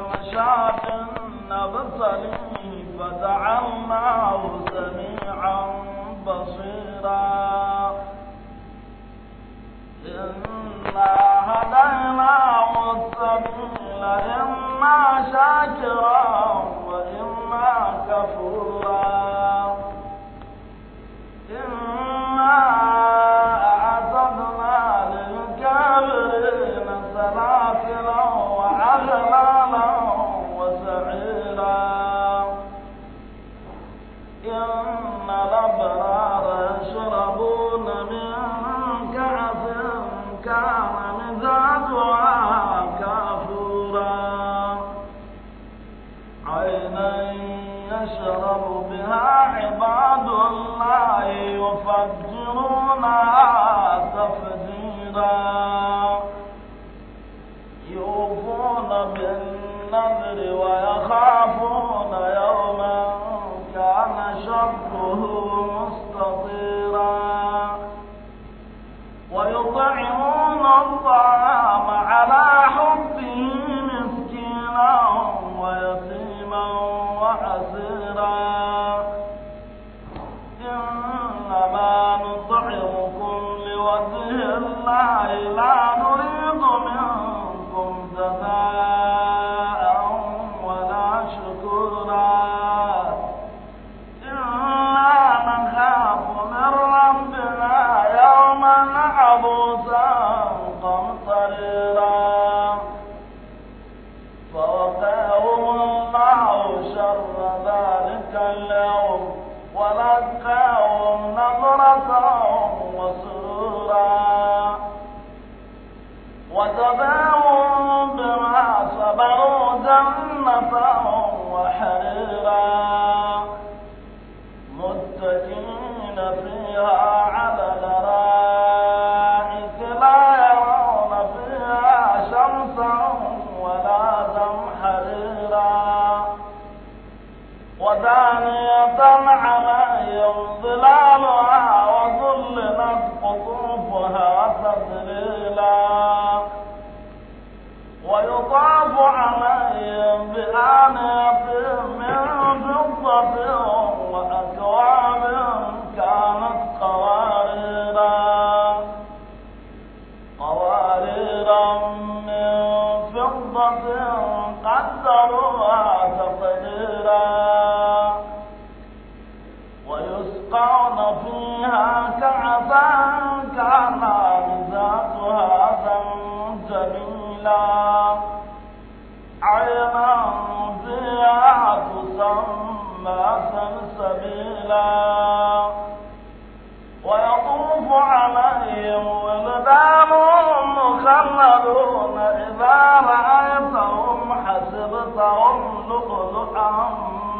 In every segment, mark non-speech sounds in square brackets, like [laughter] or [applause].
مشاة نبصره فجعلناه سميعا بصيرا إنا هديناه السبيل إما شاكرا أكثرهم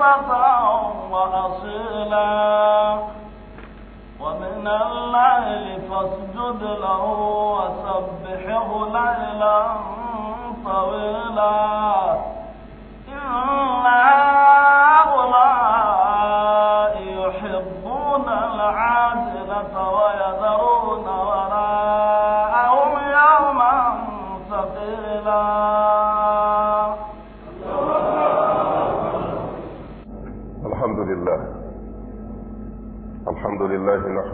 جلفا وأصيلا ومن الليل فاسجد له وسبحه ليلا طويلا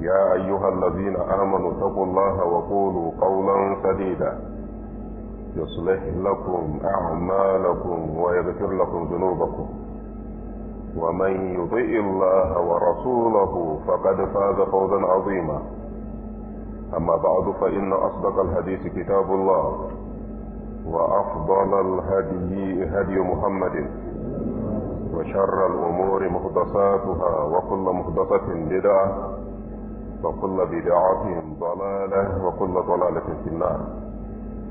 يا أيها الذين آمنوا اتقوا الله وقولوا قولا سديدا يصلح لكم أعمالكم ويغفر لكم ذنوبكم ومن يطئ الله ورسوله فقد فاز فوزا عظيما أما بعد فإن أصدق الحديث كتاب الله وأفضل الهدي هدي محمد وشر الأمور محدثاتها وكل محدثة بدعة وكل بدعة ضلالة وكل ضلالة في النار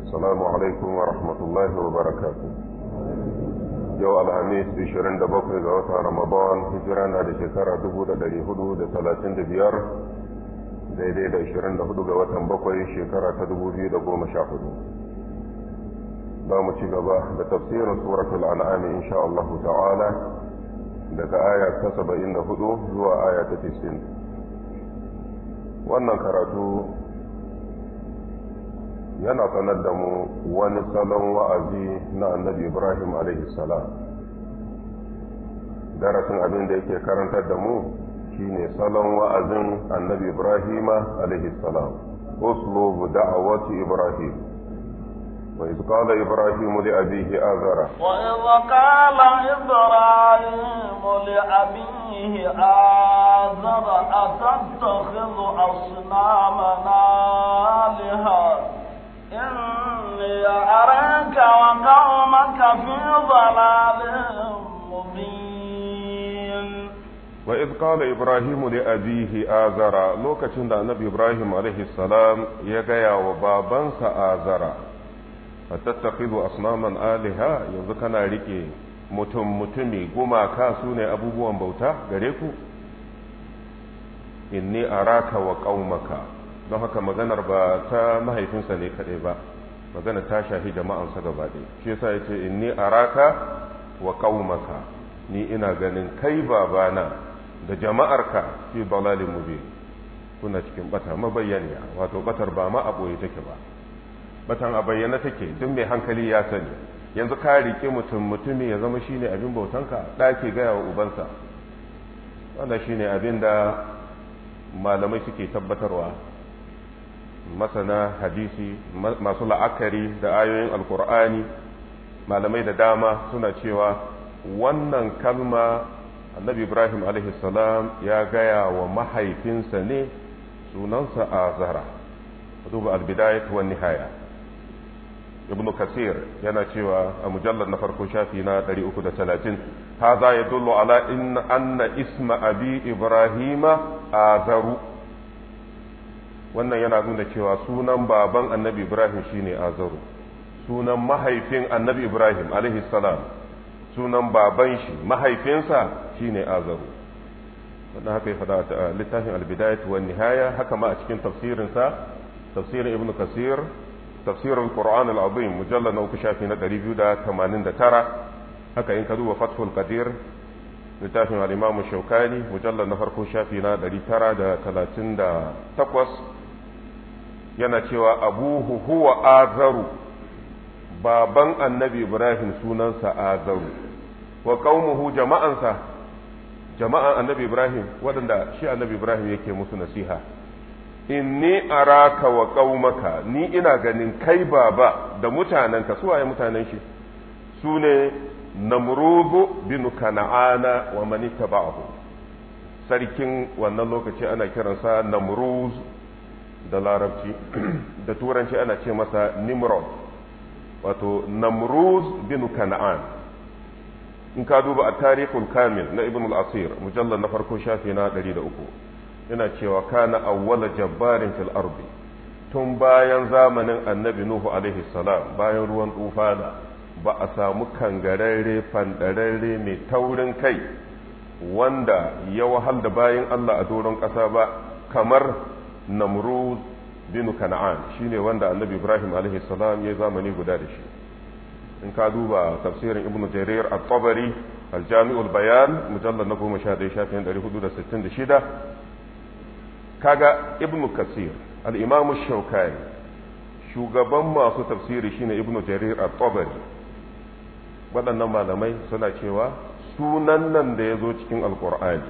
السلام عليكم ورحمة الله وبركاته yau alhamis 27 ga watan ramadan hijira na da shekara 435 daidai da 24 ga watan bakwai shekara ta 2014 za mu ci gaba da tafsirin suratul an'am insha Allah ta'ala daga aya ta hudu zuwa aya ta 90 wannan karatu yana sanar da mu wani salon wa'azi na annabi ibrahim salam darasin abin da yake karantar da mu shine salon wa'azin annabi ibrahim salam uslubu da'awati ibrahim وإذ قال إبراهيم لأبيه آذرا وإذ قال إبراهيم لأبيه آذر أتتخذ أصنامنا آلهة إني أراك وقومك في ضلال مبين وإذ قال إبراهيم لأبيه آذرا لوكتشن النبي إبراهيم عليه السلام يقيا وبابنس آذرا fatattakhidhu asnaman aliha yanzu kana rike mutum mutumi gumaka sune abubuwan bauta gare ku inni araka wa qaumaka don haka maganar ba ta mahaifinsa ne kadai ba magana ta shafi jama'ansa gaba ɗaya shi yasa yace inni araka wa qaumaka ni ina ganin kai babana da jama'arka fi dalalin mubin kuna cikin bata mabayyaniya wato batar ba ma a take ba batan a bayyana take duk mai hankali ya sani yanzu ka rike mutum mutumi ya zama shine abin bautanka ɗaki gaya wa ubansa wannan shine abin da malamai suke tabbatarwa masana hadisi masu la'akari da ayoyin alkur'ani malamai da dama suna cewa wannan kalma annabi ibrahim salam ya gaya wa mahaifinsa ne sunansa azara duba albidayat wa nihaya ibnu kasir yana cewa a mujallar na farko shafi na 330 haza ya dullo ala inna anna isma abi ibrahima azaru wannan yana nuna cewa sunan baban annabi ibrahim shine azaru sunan mahaifin annabi ibrahim alaihi salam sunan baban shi mahaifinsa shine azaru wannan haka ya faɗa a littafin albidayat wa nihaya haka ma a cikin tafsirinsa tafsirin ibnu kasir Tafsirar qur'an al-azim mujallal na uku shafi na 289 haka in ka duba fathul qadir littafin al-imam shaukani mujallal na farko shafi na 938 yana cewa abuhu huwa azaru baban annabi ibrahim sunansa azaru wa qaumuhu jama'an annabi ibrahim waɗanda shi annabi ibrahim yake musu nasiha inni araka wa ƙaumaka, ni ina ganin kai baba da mutanenka su waye mutanen shi su ne bin kana'ana wa man ittaba'ahu sarkin wannan lokaci ana kiransa namruz da larabci [clears throat] da turanci ana ce masa nimrod wato namruz bin kana'an in ka duba a tarihul kamil na ibn al-asir mujallar na farko shafi na 103 yana cewa kana awwala jabbarin fil ardi tun bayan zamanin annabi nuhu alaihi salam bayan ruwan tufana ba a samu kangararre fandararre mai taurin kai wanda ya wahal da bayan Allah a doron ƙasa ba kamar namrud binu kana'an shine wanda annabi ibrahim alaihi salam ya zamani guda da shi in ka duba tafsirin ibnu jarir at-tabari al-jami'ul bayan mujallad na 11 shafin 466 kaga ibnu kasir al-imam shaukani shugaban masu tafsiri shine ibnu jarir a tabari waɗannan malamai suna cewa sunan nan da ya zo cikin alkur'ani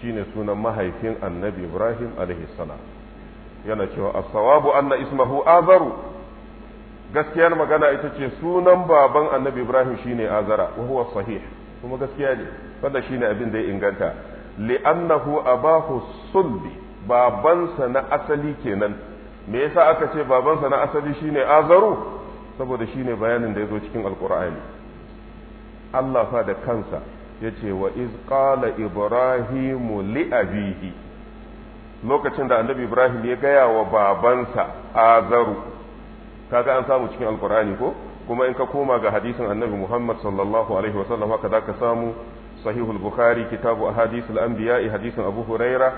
shine sunan mahaifin annabi ibrahim alaihi salam yana cewa as-sawabu anna ismahu azaru gaskiyar magana ita ce sunan baban annabi ibrahim shine azara wa huwa sahih kuma gaskiya ne wannan shine abin da ya inganta li'annahu abahu sulbi babansa na asali kenan me yasa aka ce babansa na asali shine azaru saboda shine bayanin da ya zo cikin alkur'ani Allah fa da kansa ya ce wa iz qala ibrahimu li abihi lokacin da annabi ibrahim ya gaya wa babansa azaru kaga an samu cikin alkur'ani ko kuma in ka koma ga hadisin annabi muhammad sallallahu alaihi wasallam haka za ka samu sahihul bukhari kitabu ahadithul anbiya hadisin abu huraira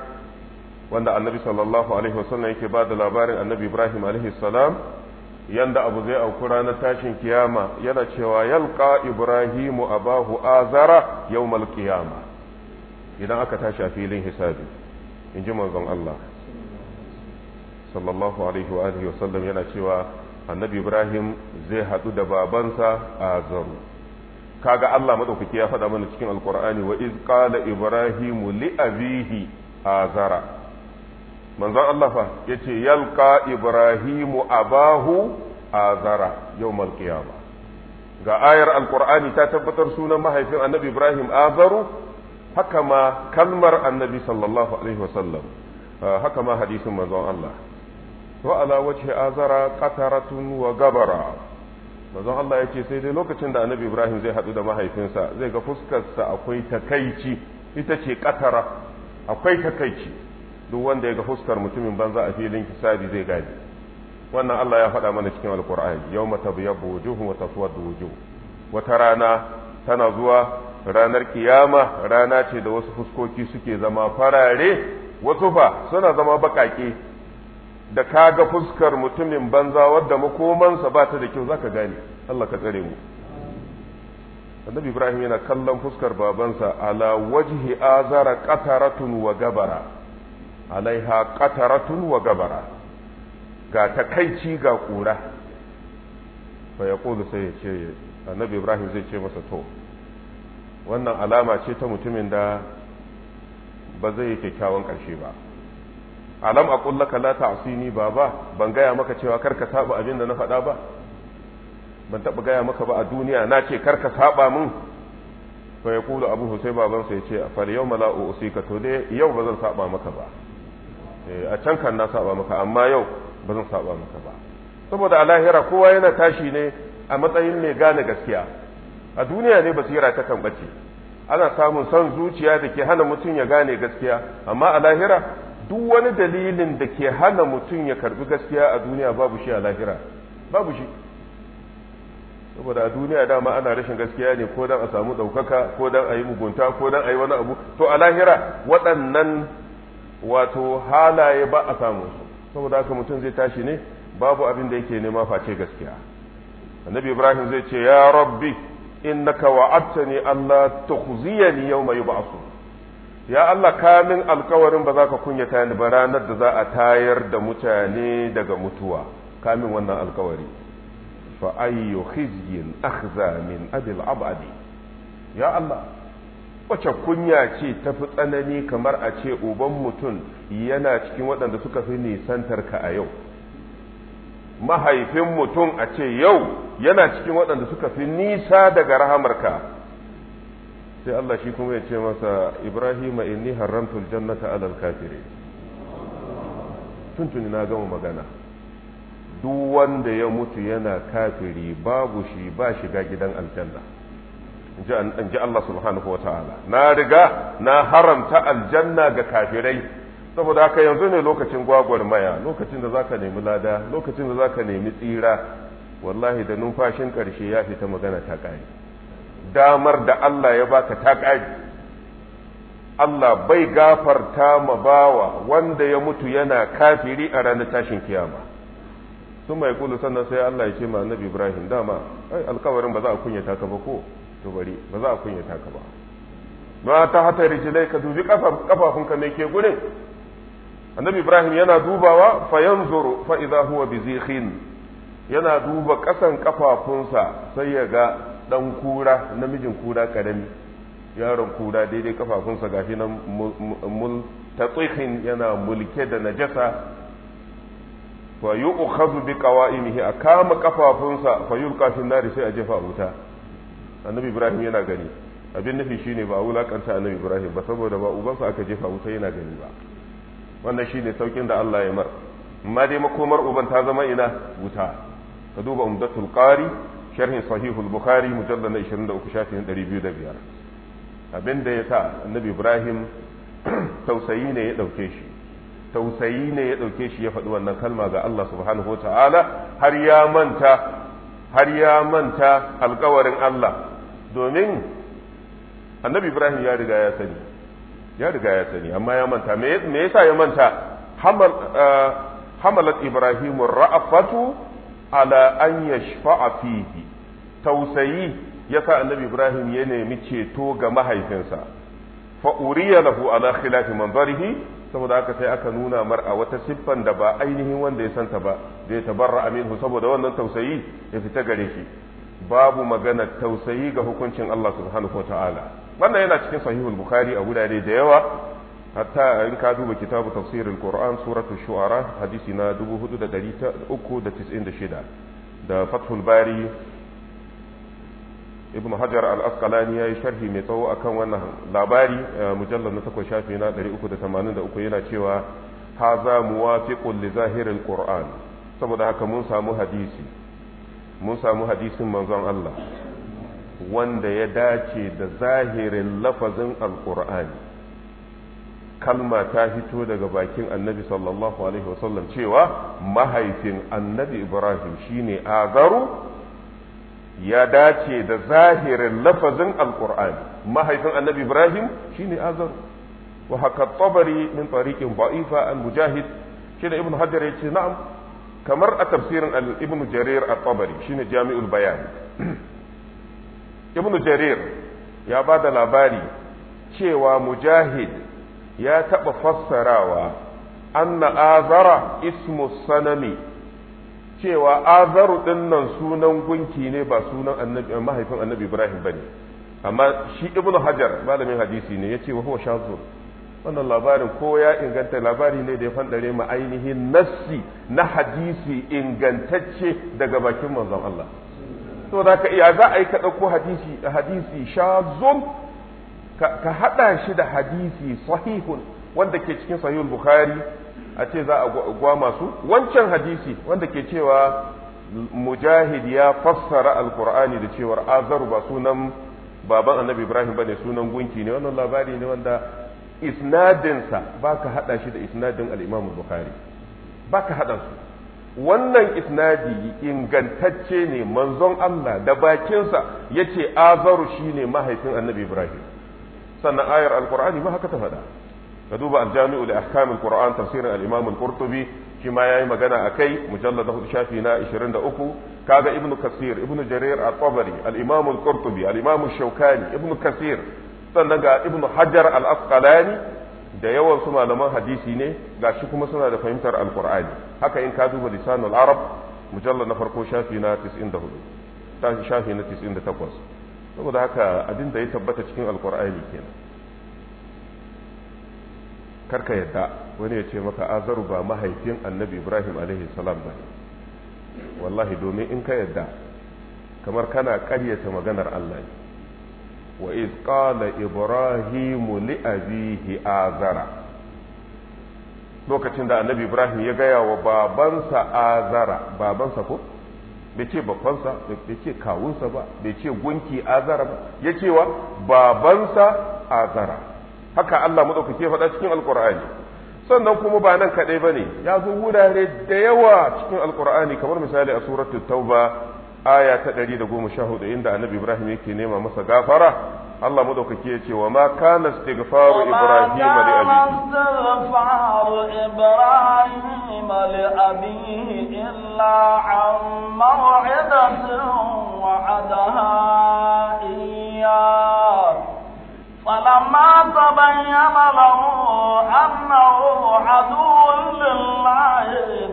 wanda annabi sallallahu alaihi wasallam yake ba da labarin annabi ibrahim alaihi salam yanda abu zai auku ranar tashin kiyama yana cewa yalqa ibrahimu abahu azara yawmal qiyama idan aka tashi a filin hisabi in ji manzon Allah sallallahu alaihi wa alihi wasallam yana cewa annabi ibrahim zai hadu da babansa azaru kaga Allah madaukaki ya faɗa mana cikin alqur'ani wa iz qala ibrahimu li abihi azara manzon Allah fa yace yalka ibrahimu abahu azara yau qiyama ga ayar alƙur'ani ta tabbatar sunan mahaifin annabi ibrahim azaru haka ma kalmar annabi sallallahu alaihi wasallam ah, haka ma hadisin manzon Allah wa'ala ala azara qataratun wa gabara manzon Allah ce sai dai lokacin da annabi ibrahim zai hadu da mahaifinsa zai ga fuskarsa akwai takaici ita ce katara akwai takaici duk wanda ya ga fuskar mutumin banza a filin kisabi zai gane wannan Allah ya faɗa mana cikin alkur'ani yau mata wujuhu wa taswaddu wujuhu wata rana tana zuwa ranar kiyama rana ce da wasu fuskoki suke zama farare wasu fa suna zama baƙaƙe da kaga fuskar mutumin banza wadda makomansa ba ta da kyau zaka gane Allah ka tsare mu annabi ibrahim yana kallon fuskar babansa ala wajhi azara qataratun wa gabara alaiha qataratun wa gabara ga takaici ga kura fa yaqulu sai ya ce annabi ibrahim zai ce masa to wannan alama ce ta mutumin da ba zai yi kyakkyawan ƙarshe ba alam a ƙullaka la ta'sini baba ban gaya maka cewa karka saba abin da na faɗa ba ban taɓa gaya maka ba a duniya na ce karka saba min fa ya abu husai babansa ya ce a fal yau usika to dai yau ba zan saba maka ba Eh, a can kan na saba maka amma yau ba zan saba maka ba saboda a lahira kowa yana tashi ne a matsayin mai gane gaskiya a duniya ne basira ta kan bace ana samun son zuciya da ke hana mutum ya gane gaskiya amma a lahira duk wani dalilin da ke hana mutum ya karbi gaskiya a duniya babu shi a lahira babu shi saboda a duniya dama ana rashin gaskiya ne ko dan a samu ɗaukaka ko dan a yi mugunta ko dan a yi wani abu to a lahira waɗannan wato halaye ba a samu saboda haka mutum zai tashi ne babu abin da yake nema face gaskiya annabi ibrahim zai ce ya rabbi innaka wa'adtani allah tukhziyani yawma yub'asu ya allah ka min alkawarin ba za ka kunyata ni ba ranar da za a tayar da mutane daga mutuwa ka min wannan alkawari fa ayyu khizyin akhza min abil abadi ya allah wace kunya ce ta fi tsanani kamar a ce uban mutum yana cikin waɗanda suka fi nisantar ka a yau mahaifin mutum a ce yau yana cikin waɗanda suka fi nisa daga rahamarka sai Allah shi kuma ya ce masa Ibrahim inni haramtul jannata alal tun tuni na gama magana duk wanda ya mutu yana kafiri babu shi ba shiga gidan aljanna in ji Allah subhanahu wa ta'ala na riga na haramta aljanna ga kafirai saboda haka yanzu ne lokacin gwagwarmaya lokacin da zaka nemi lada lokacin da zaka nemi tsira wallahi da numfashin ƙarshe ya fita magana ta ƙari damar da Allah ya baka ta ƙari Allah bai gafarta ma bawa wanda ya mutu yana kafiri a ranar tashin kiyama sun mai kulu sannan sai Allah ya ce ma Ibrahim dama ai alkawarin ba za a kunyata ka ba ko to bari ba za a kunyata ka ba ma ta hata rijilai ka dubi kafafunka ne ke gurin annabi ibrahim yana dubawa fa yanzuru fa idza huwa bizikhin yana duba kasan kafafunsa sai ya ga dan kura namijin kura karami yaron kura daidai kafafunsa gashi nan tatsikhin yana mulke da najasa fa yu'khadhu bi qawa'imihi a kama kafafunsa fa yulqa fi nari sai a jefa wuta annabi ibrahim yana gani abin nufi shine ba a wulakanta annabi ibrahim ba saboda ba ubansa aka jefa wuta yana gani ba wannan shine saukin da Allah ya mar amma dai makomar uban ta zama ina wuta ka duba umdatul qari sharhin sahihul bukhari mujallad na 23 shafin 205 abin da ya sa annabi ibrahim [clears throat] tausayi ne ya dauke shi tausayi ne ya dauke shi ya faɗi wannan kalma ga Allah subhanahu wataala har ya manta har ya manta alƙawarin Allah domin annabi ibrahim ya riga ya sani ya riga ya sani amma ya manta me yasa ya manta eh, hamalat ibrahim ra'afatu ala an yashfa'a fihi tausayi yasa annabi ibrahim ya nemi ceto ga mahaifinsa fa uriya lahu ala khilafi manzarihi saboda haka sai aka nuna mar a wata siffan da ba ainihin wanda ya santa ba zai tabarra aminu saboda wannan tausayi ya fita gare shi babu magana tausayi ga hukuncin Allah subhanahu wataala wannan yana cikin sahihul bukhari a gurare da yawa hatta in ka duba kitabu tafsirul qur'an suratu shu'ara hadisi na 4396 da fathul bari ibn hajar al-asqalani yayi sharhi mai tsawo akan wannan labari eh, mujallal na 8 shafi na 383 yana cewa haza muwafiqun li zahiril qur'an saboda haka mun samu hadisi mun samu hadisin manzon Allah wanda ya dace da zahirin lafazin alkur'ani kalma ta fito daga bakin annabi sallallahu alaihi wasallam cewa mahaifin annabi ibrahim shine azaru ya dace da zahirin lafazin alkur'ani mahaifin annabi ibrahim shine azaru wa haka tabari min tariqin ba'ifa al mujahid shi da ibn hajar ya ce na'am kamar a tafsirin ibn jarir a tabari shine jami'ul bayani [clears throat] ibn jarir ya ba da labari cewa mujahid ya taɓa fassarawa anna azara ismu sanami cewa azaru ɗinnan sunan gunki ne ba sunan mahaifin annabi ibrahim ba ne amma shi ibn hajar malamin hadisi ne ya ce wa huwa wannan labarin ko ya inganta labari ne da ya fanɗare mu ainihin nassi na hadisi ingantacce daga bakin manzon Allah to da ka iya za a yi ka ɗauko hadisi hadisi shazun ka haɗa shi da hadisi sahihun wanda ke cikin sahihul bukhari a ce za a gwama su wancan hadisi wanda ke cewa mujahid ya fassara alkur'ani da cewar azar ba sunan baban annabi ibrahim bane sunan gunki ne wannan labari ne wanda isnadinsa ba ka haɗa shi da isnadin al'imamu bukari ba ka haɗa su wannan isnadi ingantacce ne manzon Allah da bakinsa ya ce azaru shi ne mahaifin annabi ibrahim sannan ayar alkur'ani ma haka ta faɗa ka duba aljami'u da ahkamin qur'an tafsirin al-imam al-qurtubi shi ma yayi magana akai mujallad hudu shafi na 23 kaga ibnu kasir ibnu jarir at-tabari al-imam al-qurtubi al shaukani ibnu kasir sannan ga ibn hajar al-asqalani da yawan su malaman hadisi ne shi kuma suna da fahimtar alqur'ani haka in ka duba lisanul arab mujallal na farko shafi na 94 ta shafi na 98 saboda haka abin da ya tabbata cikin alqur'ani kenan karka yadda wani ya ce maka azaru ba mahaifin annabi ibrahim alaihi salam ba wallahi domin in ka yadda kamar kana karyata maganar allah ne wa iz qala ibrahimu li abihi azara lokacin da annabi ibrahim ya gaya wa babansa azara babansa ko bai ce babbansa bai ce kawunsa ba bai ce gunki azara ba ya cewa babansa azara haka Allah ke faɗa cikin alqur'ani sannan kuma ba nan kaɗai bane ya zo wurare da yawa cikin alqur'ani kamar misali a suratul tauba aya ta ɗari goma sha hudu inda annabi Ibrahim yake nema masa gafara Allah madaukaki ya ce wa ma kana istighfaru Ibrahim li abihi illa an maw'idatin wa'adaha iyyah فلما تبين له أنه عدو لله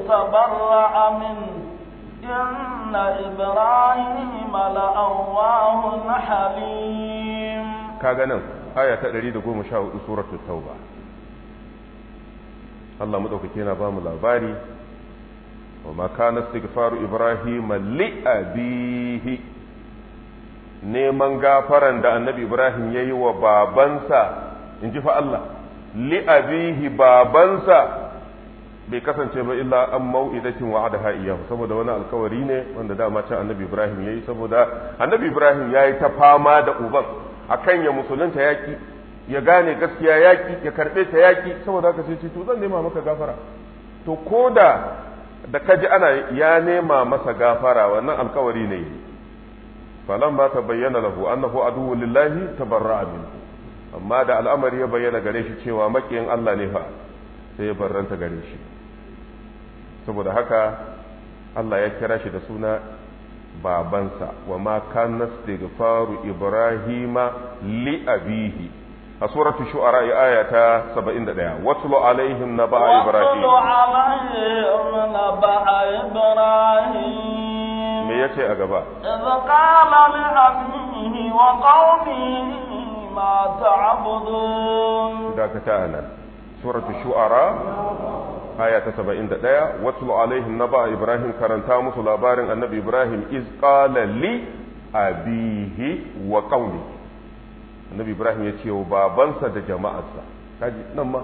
تبرأ منه إن إبراهيم لأواه حليم كاغنا آية تأريد دقوم شاو سورة التوبة الله كينا بام الأباري وما كان استغفار إبراهيم لأبيه neman gafaran da annabi Ibrahim ya yi wa babansa in ji fa Allah li abihi babansa bai kasance ba illa an mau'izatin wa'ada iyahu saboda wani alkawari ne wanda dama can annabi Ibrahim yayi saboda annabi Ibrahim yayi ta fama da uban akan ya musulunta yaki ya gane gaskiya yaki ya karbe ta yaki saboda haka sai to zan nema maka gafara to koda da kaji ana ya nema masa gafara wannan alkawari ne falan ba ta bayyana lahu annahu aduwwu lillahi tabarra'a min amma da al'amari ya bayyana gare shi cewa makiyin Allah ne fa sai ya barranta gare shi saboda haka Allah ya kira shi da suna babansa wa ma kana istighfaru ibrahima li abihi a suratul shu'ara aya ta 71 watlu alaihim naba ibrahim watlu alaihim naba ibrahim me yace a gaba idh qala li abihi wa qaumihi ma ta'budun da ka ta suratul shu'ara aya ta saba'in da 71 watlu alaihim naba ibrahim karanta musu labarin annabi ibrahim iz qala li abihi wa qaumi annabi ibrahim ya ce wa babansa da jama'arsa kaji nan ma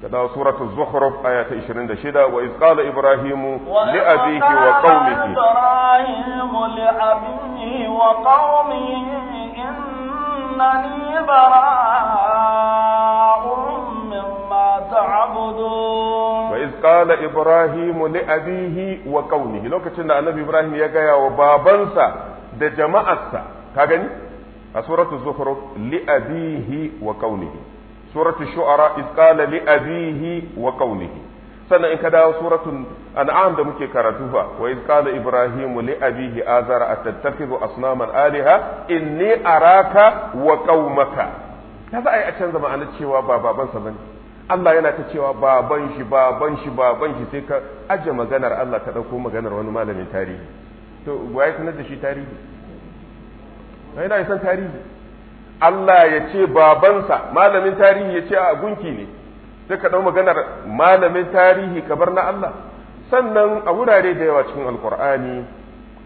ka dawo suratu zukhruf aya ta 26 wa iz qala ibrahim li abihi wa qaumihi li abihi wa qaumihi innani bara'un mimma ta'budun qala ibrahimu li abihi wa qaumihi lokacin da annabi ibrahim ya gaya wa babansa da jama'arsa ka gani a suratul zukhruf li abihi wa qaumihi suratul shu'ara iz qala li abihi wa qaumihi sannan in ka dawo suratul an'am da muke karatu fa wa iz qala ibrahimu li abihi azara attattakhidhu asnaman aliha inni araka wa qaumaka kaza ai a canza ma'anar cewa ba babansa bane Allah yana ta cewa baban shi baban shi baban shi sai ka aje maganar Allah ta ɗauko maganar wani malamin tarihi to waye sanar da shi tarihi sai da san tarihi Allah ya ce babansa malamin tarihi ya ce a gunki ne sai ka ɗau maganar malamin tarihi kabar na Allah sannan a wurare da yawa cikin alkur'ani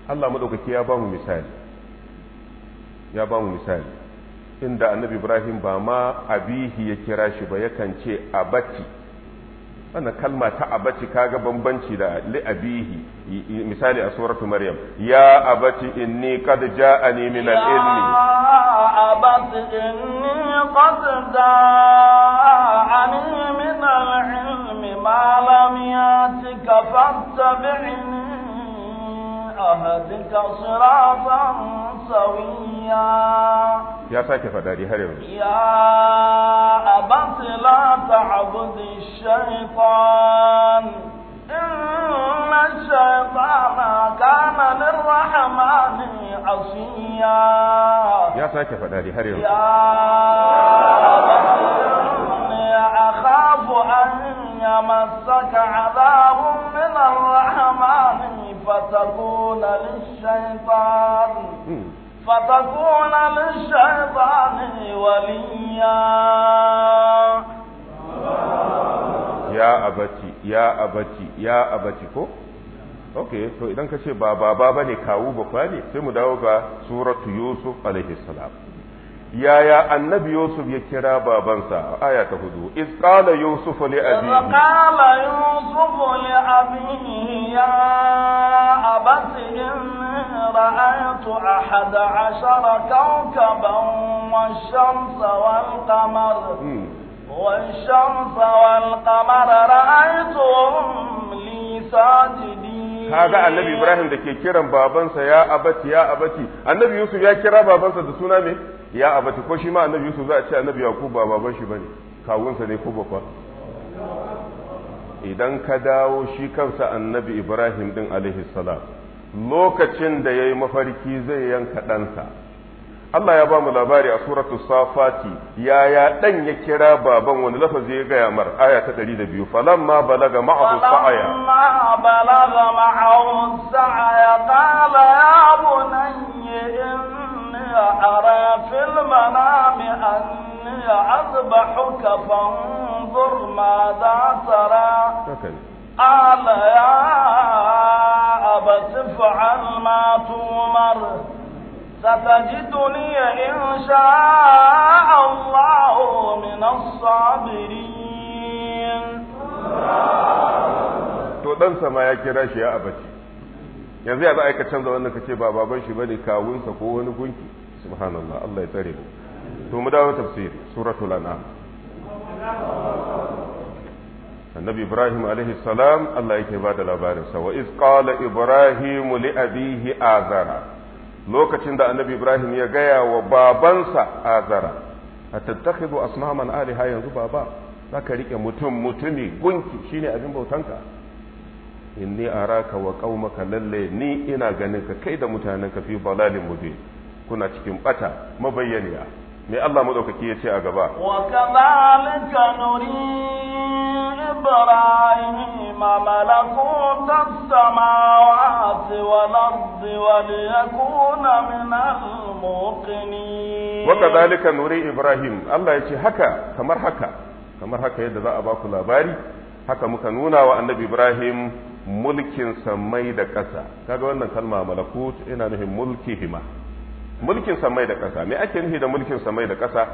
Allah madaukaki ya ba mu misali ya ba mu misali inda annabi ibrahim ba ma abihi ya kira shi ba yakan ce abati wannan kalma ta abati kaga bambanci da li abihi misali a suratu maryam ya abati inni qad ja'ani min al-ilmi ya abati inni qad ja'ani min al-ilmi ma lam yatika fattabi'ni أهدك صراطا سويا يا ساكي فدادي هرم يا أبت لا تعبد الشيطان إن الشيطان كان للرحمن عصيا يا ساكي فدادي هرم يا أخاف أن يمسك عذاب من الرحمن فتكون للشيطان فتكون للشيطان وليا يا أبتي يا أبتي يا أبتي كو ok to idan ka ce ba ba ba ne kawo ba kwa ne sai mu dawo ga suratu yusuf alaihi salam yaya annabi yusuf ya kira babansa aya ta hudu iz qala yusuf li abihi qala yusuf li abihi ya abati inni ra'aytu ahad ashara kawkaban wash-shamsa wal-qamar hmm. wash-shamsa wal-qamar ra'aytuhum li sajidin kaga annabi ibrahim da ke kiran babansa ya abati ya abati annabi yusuf ya kira babansa da suna me. ya abata ko shi ma annabi yusuf za a ce annabi yakub ba baban shi bane kawunsa ne ko baba idan ka dawo shi kansa annabi ibrahim din alaihi salam lokacin da yayi mafarki zai yanka ɗansa Allah ya ba mu labari a suratu safati ya dan ya kira baban wani lafazi ya gaya mar aya ta 102 falamma balaga ma'ahu sa'aya falamma balaga ma'ahu sa'aya qala ya bunayya أني أرى في المنام أني أذبحك فانظر ماذا ترى قال يا أبا تفعل ما تمر ستجدني إن شاء الله من الصابرين to ɗansa ma ya kira shi ya abaci yanzu ya za a canza wannan ka ce ba baban shi bane kawunsa ko wani gunki subhanallah Allah ya tsare mu to mu dawo tafsiri suratul an'am annabi ibrahim alaihi salam Allah yake ba da labarin sa wa iz qala ibrahim li abihi azara lokacin da annabi ibrahim ya gaya wa babansa azara atattakhidhu asnaman aliha yanzu baba zaka rike mutum mutumi gunki shine abin bautanka inni araka wa qaumaka lalle ni ina ganin ka kai da mutanenka fi balalin mubin kuna cikin bata mabayyaniya me Allah madaukaki ya ce a gaba wa kadhalika nuri ibrahim malakut samawati wal ardi wa liyakuna min al wa kadhalika nuri ibrahim Allah ya ce haka kamar haka kamar haka yadda za a ba ku labari haka muka nuna wa annabi ibrahim mulkin samai da ƙasa kaga wannan kalma malakut ina nufin mulki hima mulkin samai da ƙasa me ake nufi da mulkin samai da ƙasa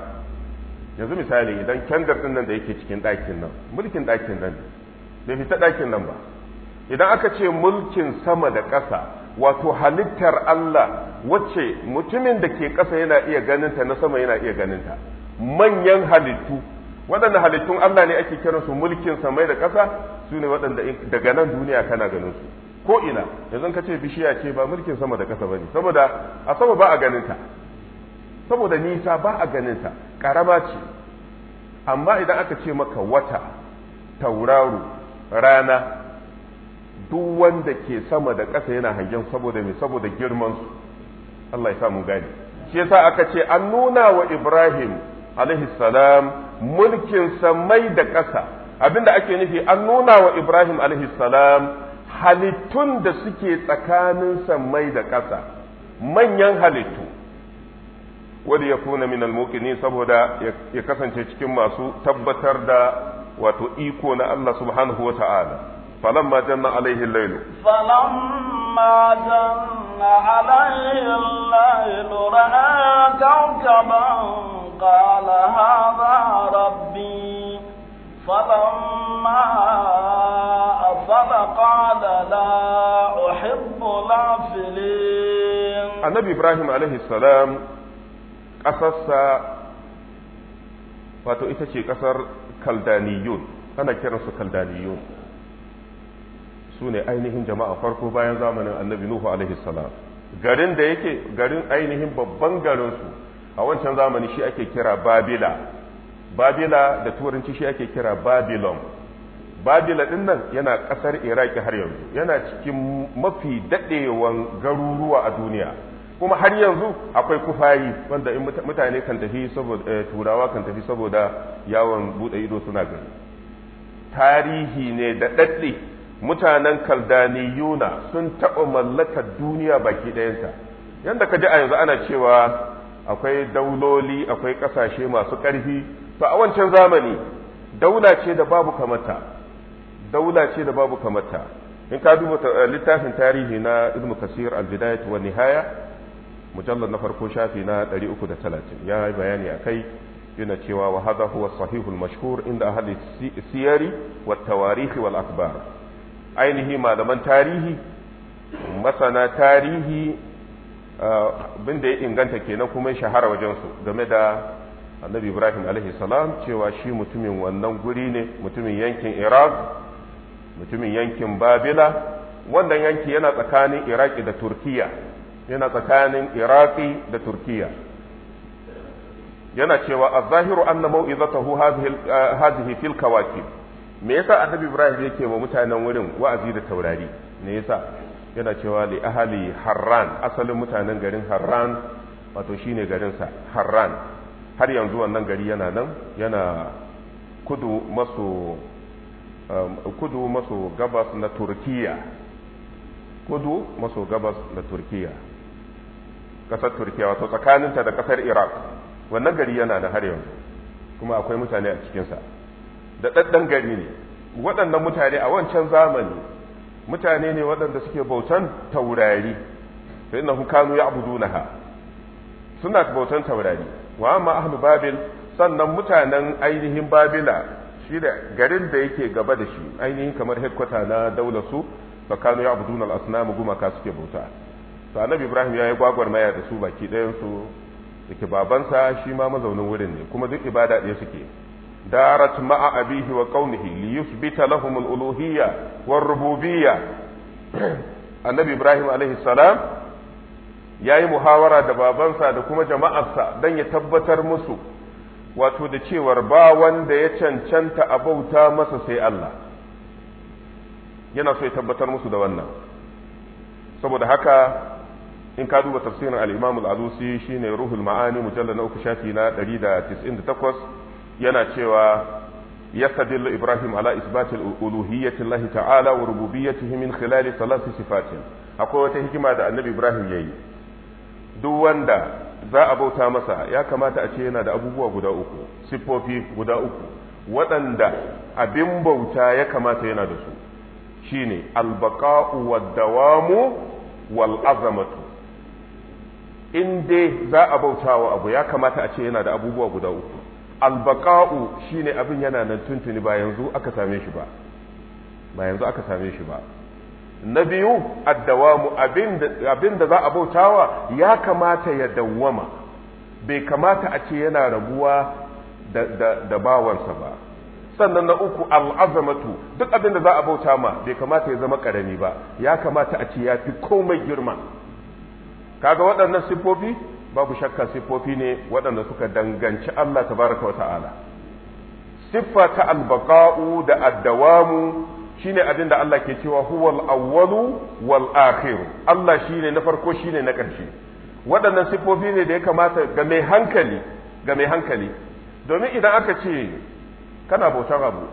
yanzu misali idan kyandar ɗin nan da yake cikin ɗakin nan mulkin ɗakin nan bai fita ɗakin nan ba idan aka ce mulkin sama da ƙasa wato halittar Allah wacce mutumin da ke ƙasa yana iya ganinta na sama yana iya ganinta manyan halittu waɗanda halittun Allah ne ake kiransu mulkin samai da ƙasa su ne waɗanda daga nan duniya kana ganin su ko ina yanzu ka ce bishiya ce ba mulkin sama da ƙasa bane saboda a sama ba a ganin saboda nisa ba a ganin ta karama ce amma idan aka ce maka wata tauraro rana duk wanda ke sama da ƙasa yana hangen saboda mai saboda girman su Allah ya mu gani shi yasa aka ce an nuna wa Ibrahim alaihi salam mulkin samai da ƙasa abinda ake nufi an nuna wa Ibrahim alaihi salam halittun da suke tsakanin sammai da ƙasa manyan halittu wadda ya kuna min almuqini saboda ya kasance cikin masu tabbatar da wato iko na Allah subhanahu wa ta'ala falamma janna alaihi janna alaihi lailu ra'a kawkaban qala hadha rabbi اتخذ قال لا أحب العافلين النبي wato ita ce ƙasar kaldaniyun ana kiransu kaldaniyun su ne ainihin jama'a farko bayan zamanin annabi nuhu alaihi salam garin da yake garin ainihin babban garinsu a wancan zamani shi ake kira babila babila da turanci shi ake kira babylon babila ɗin nan yana ƙasar iraki har yanzu yana cikin mafi daɗewan garuruwa a duniya kuma har yanzu akwai kufayi wanda in mutane kan tafi saboda eh, turawa kan tafi saboda yawon buɗe ido suna gani tarihi ne da dadde mutanen Kaldani, Yuna, sun taɓa mallakar duniya baki ɗayanta yadda ka ji a yanzu ana cewa akwai dauloli akwai ƙasashe masu ƙarfi to a wancan zamani daula ce da babu kamata daula ce da babu kamata in ka duba eh, littafin tarihi na ilmu kasir al wa nihaya Mujallar na farko shafi na 330 ya yi bayani akai yana cewa wa hadha huwa sahihul mashhur inda ahli siyari wa tawarikh wal akbar ainihi malaman tarihi masana tarihi ah, bin da ya inganta kenan kuma shahara wajen su game da annabi ibrahim alaihi salam cewa shi mutumin wannan guri ne mutumin yankin iraq mutumin yankin babila wannan yanki yana tsakanin iraki da turkiya yana tsakanin iraki da turkiya yana cewa az-zahiru anna mau'izatahu eh, hadhihi fil kawakib me yasa annabi ibrahim yake wa mutanen wurin wa'azi da taurari me yasa yana cewa li ahli harran asalin mutanen garin harran wato shine garin sa harran har yanzu wannan gari yana nan yana kudu maso Um, kudu maso gabas na turkiya kudu maso gabas na turkiya kasar turkiya wato tsakaninta da kasar iraq wannan gari yana da har yanzu kuma akwai mutane a cikinsa da ɗaɗɗan gari ne waɗannan mutane a wancan zamani mutane ne waɗanda suke bautan taurari fa innahu kanu ya'budunaha suna bautan taurari wa amma ahlu babil sannan mutanen ainihin babila shi da garin da yake gaba da shi ainihin kamar headquarter na daular su kano ya abudun al'asnamu gumaka suke bauta to annabi ibrahim ya yi gwagwarmaya da su baki ɗayan su da babansa shi ma mazaunin wurin ne kuma duk ibada ɗaya suke darat ma'a abihi wa qaumihi li yuthbita lahum al-uluhiyya wa rububiyya [clears throat] annabi ibrahim alaihi salam yayi muhawara da babansa da kuma jama'arsa dan ya tabbatar musu wato da cewar ba wanda ya cancanta a bauta masa sai Allah yana so ya tabbatar musu da wannan saboda haka in ka duba tafsirin al alusi shine Ruhul Ma'ani mujallal na uku shafi na 198 yana cewa yastadillu Ibrahim ala isbatil uluhiyyati Allah ta'ala wa rububiyyatihi min khilali salati sifatin akwai wata hikima da Annabi Ibrahim yayi duk wanda za a bauta masa ya kamata a ce yana da abubuwa guda uku siffofi guda uku waɗanda abin bauta ya kamata yana da su shine albaqa'u wad-dawamu wal-azamatu in dai za a bauta wa abu ya kamata a ce yana da abubuwa guda uku albaqa'u shine abin yana nan tuntuni ba yanzu aka same shi ba ba yanzu aka same shi ba na biyu addawamu abin da za a bautawa ya kamata ya dawwama bai kamata a ce yana rabuwa da bawansa ba sannan na uku al'azamatu duk abin da za a bauta ma bai kamata ya zama ƙarami ba ya kamata a ce ya fi komai girma kaga waɗannan siffofi babu shakka siffofi ne waɗanda suka danganci Allah ta wa ta'ala siffa ta albaka'u da addawamu shine abin da Allah ke cewa huwal awwalu wal akhir Allah shine na farko shine na ƙarshe waɗannan sifofi ne da ya kamata ga mai hankali ga mai hankali domin idan aka ce kana bautar abu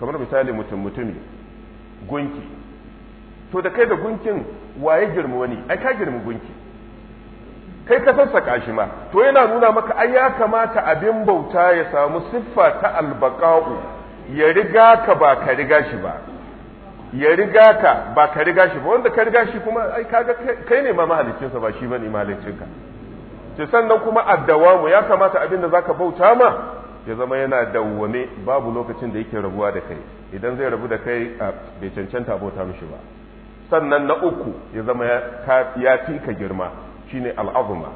kamar misali mutum mutumi gunki to da kai da gunkin waye girma wani ai ka girma gunki kai ka sassaka shi ma to yana nuna maka ai ya kamata abin bauta ya samu siffa ta albaqa'u ya riga ka ba ka riga shi ba ya riga ka ba ka riga shi ba wanda ka riga shi kuma ai kaga kai ne ma mahaliccinsa ba shi bane mahaliccinka ce sannan kuma addawamu ya kamata abin da zaka bauta ma ya zama yana dawwame babu lokacin da yake rabuwa da kai idan zai rabu da kai bai cancanta bauta mishi ba sannan na uku ya zama ya ya ka girma shine al'azuma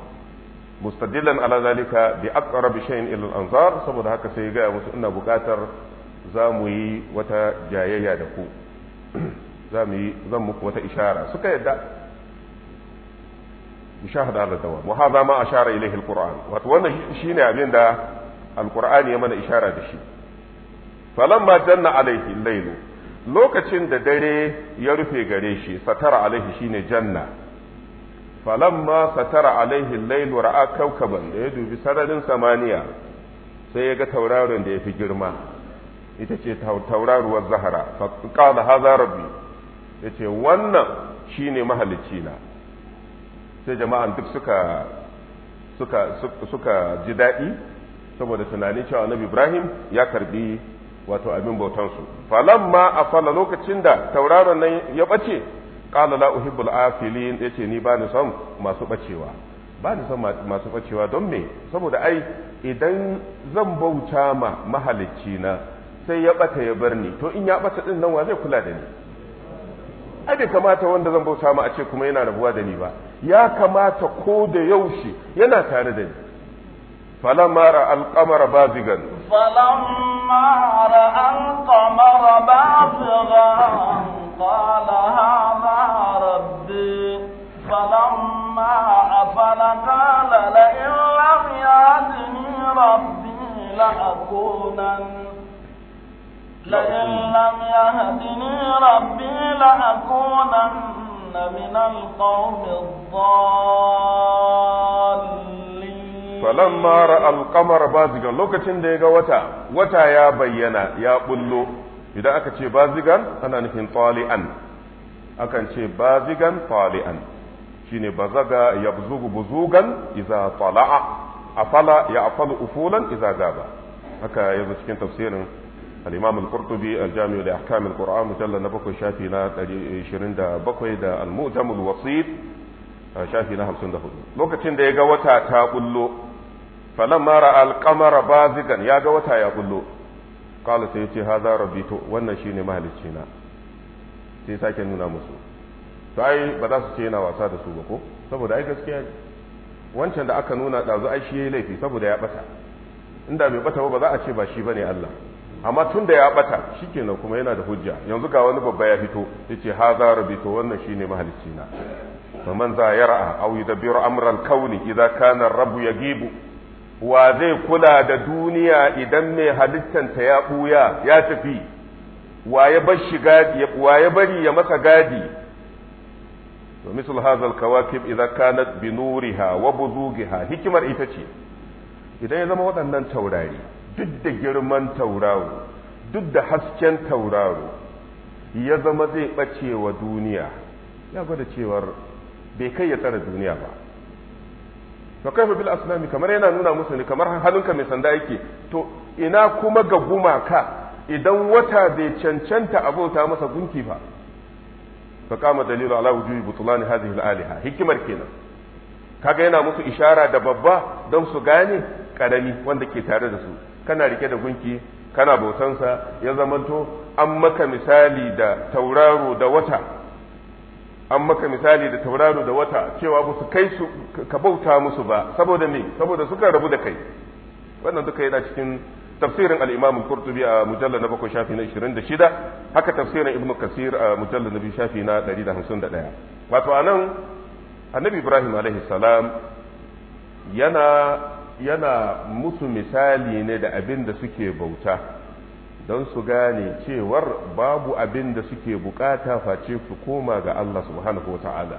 mustadilan ala zalika bi aqrab shay'in ila al-anzar saboda haka sai ya ga musu ina bukatar za mu yi wata jayayya da ku [clears throat] za mu yi zan muku wata ishara suka yadda mushahada da dawa wa haza ma ashara ilayhi alquran wato wannan shine abin da alquran ya mana ishara da shi falamma janna alayhi al lokacin da dare ya rufe gare shi satara alaihi shine janna falamma satara alaihi al ra'a kawkaban da ya dubi sararin samaniya sai ya ga tauraron da ya fi girma ita ce tauraruwar zahara faƙaɗa haza rabbi ya ce wannan shi ne mahalicina sai jama'an duk suka ji daɗi saboda tunanin cewa nabi ibrahim ya karbi wato abin bautansu a fara lokacin da tauraron nan ya ɓace ƙala la'uhibbul uhibbul afilin ya ce ni ba ni son masu ɓacewa ba ni son masu ɓacewa don me saboda ai idan zan bauta ma mahalicci na sai ya bata ya bar ni to in ya bata din nan wa zai kula da ni ai bai kamata wanda zan bauta ma a ce kuma yana rabuwa da ni ba ya kamata ko da yaushe yana tare da ni فلما رأى القمر بازغا فلما رأى لئن لم يهدني ربي لأكونن من القوم الضالين فلما رأى القمر بازغا لوكتين da ya ga wata wata ya bayyana ya bullo idan aka ce bazigan ana nufin tali'an akan ce bazigan tali'an shine bazaga yabzugu buzugan iza tala'a afala ya afalu ufulan iza gaba haka yanzu cikin tafsirin al-imam al-qurtubi al quran mujallal na bakwai shafi na 27 da al-mu'tam al-wasit shafi na 54 lokacin da ya ga wata ta bullo falamma mara al-qamara bazigan ya ga wata ya bullo qala sai yace hadha rabbi to wannan shine mahalicci na sai sake nuna musu to ai ba za su ce yana wasa da su ba ko saboda ai gaskiya wancan da aka nuna ɗazu ai shi yayi laifi saboda ya bata inda bai bata ba za a ce ba shi ba ne Allah amma tun da ya bata shikenan kuma yana da hujja yanzu ga wani babba ya fito yace haza rubito wannan shine mahalicci na ba man za yara aw yudabbiru amra al-kawn idza kana ar ya yagibu wa zai kula da duniya idan mai halittanta ya buya ya tafi wa ya bari ya masa gadi to misal hadha al-kawakib idza kanat bi nuriha wa buzugiha hikimar ita ce idan ya zama waɗannan taurari duk da girman tauraro duk da hasken tauraro ya zama zai ɓace wa duniya ya gwada cewar bai kai ya tsara duniya ba to kai bil asnami kamar yana nuna musu ne kamar halinka mai sanda yake to ina kuma ga gumaka idan wata bai cancanta abota masa gunki ba fa kama dalilu ala wujubi butlan hadhihi al hikimar kenan kaga yana musu ishara da babba don su gane karami wanda ke tare da su kana rike da gunki kana bautansa ya zamanto an maka misali da tauraro da wata an maka misali da tauraro da wata cewa ba su kai su ka bauta musu ba saboda me saboda suka rabu da kai wannan duka yana cikin tafsirin al-Imam qurtubi a mujallal na 7 shafi na 26 haka tafsirin Ibn Kathir a mujallal na 2 shafi na 151 wato anan Annabi Ibrahim alaihi salam yana yana musu misali ne da abin da suke bauta don su gane cewar babu abin da suke bukata face su koma ga Allah subhanahu wa ta'ala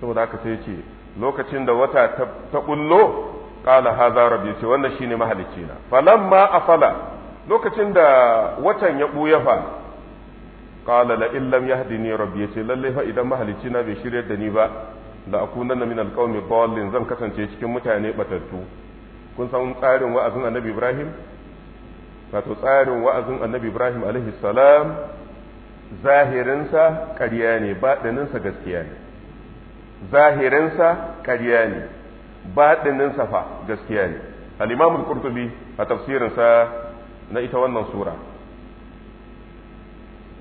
saboda haka sai ce lokacin da wata ta kullo qala hadha rabbi ce wannan shine mahalicci na falamma afala lokacin da watan ya buya fa qala la illam yahdini rabbi ce, lalle fa idan mahalicci na bai shirye da ni ba la na min alqawmi dallin zan kasance cikin mutane batattu kun san tsarin wa'azin annabi ibrahim wato tsarin wa'azin annabi ibrahim alaihi salam zahirinsa ƙarya ne baɗininsa gaskiya ne zahirinsa ƙarya ne baɗininsa fa gaskiya ne al-imam a tafsirinsa na ita wannan sura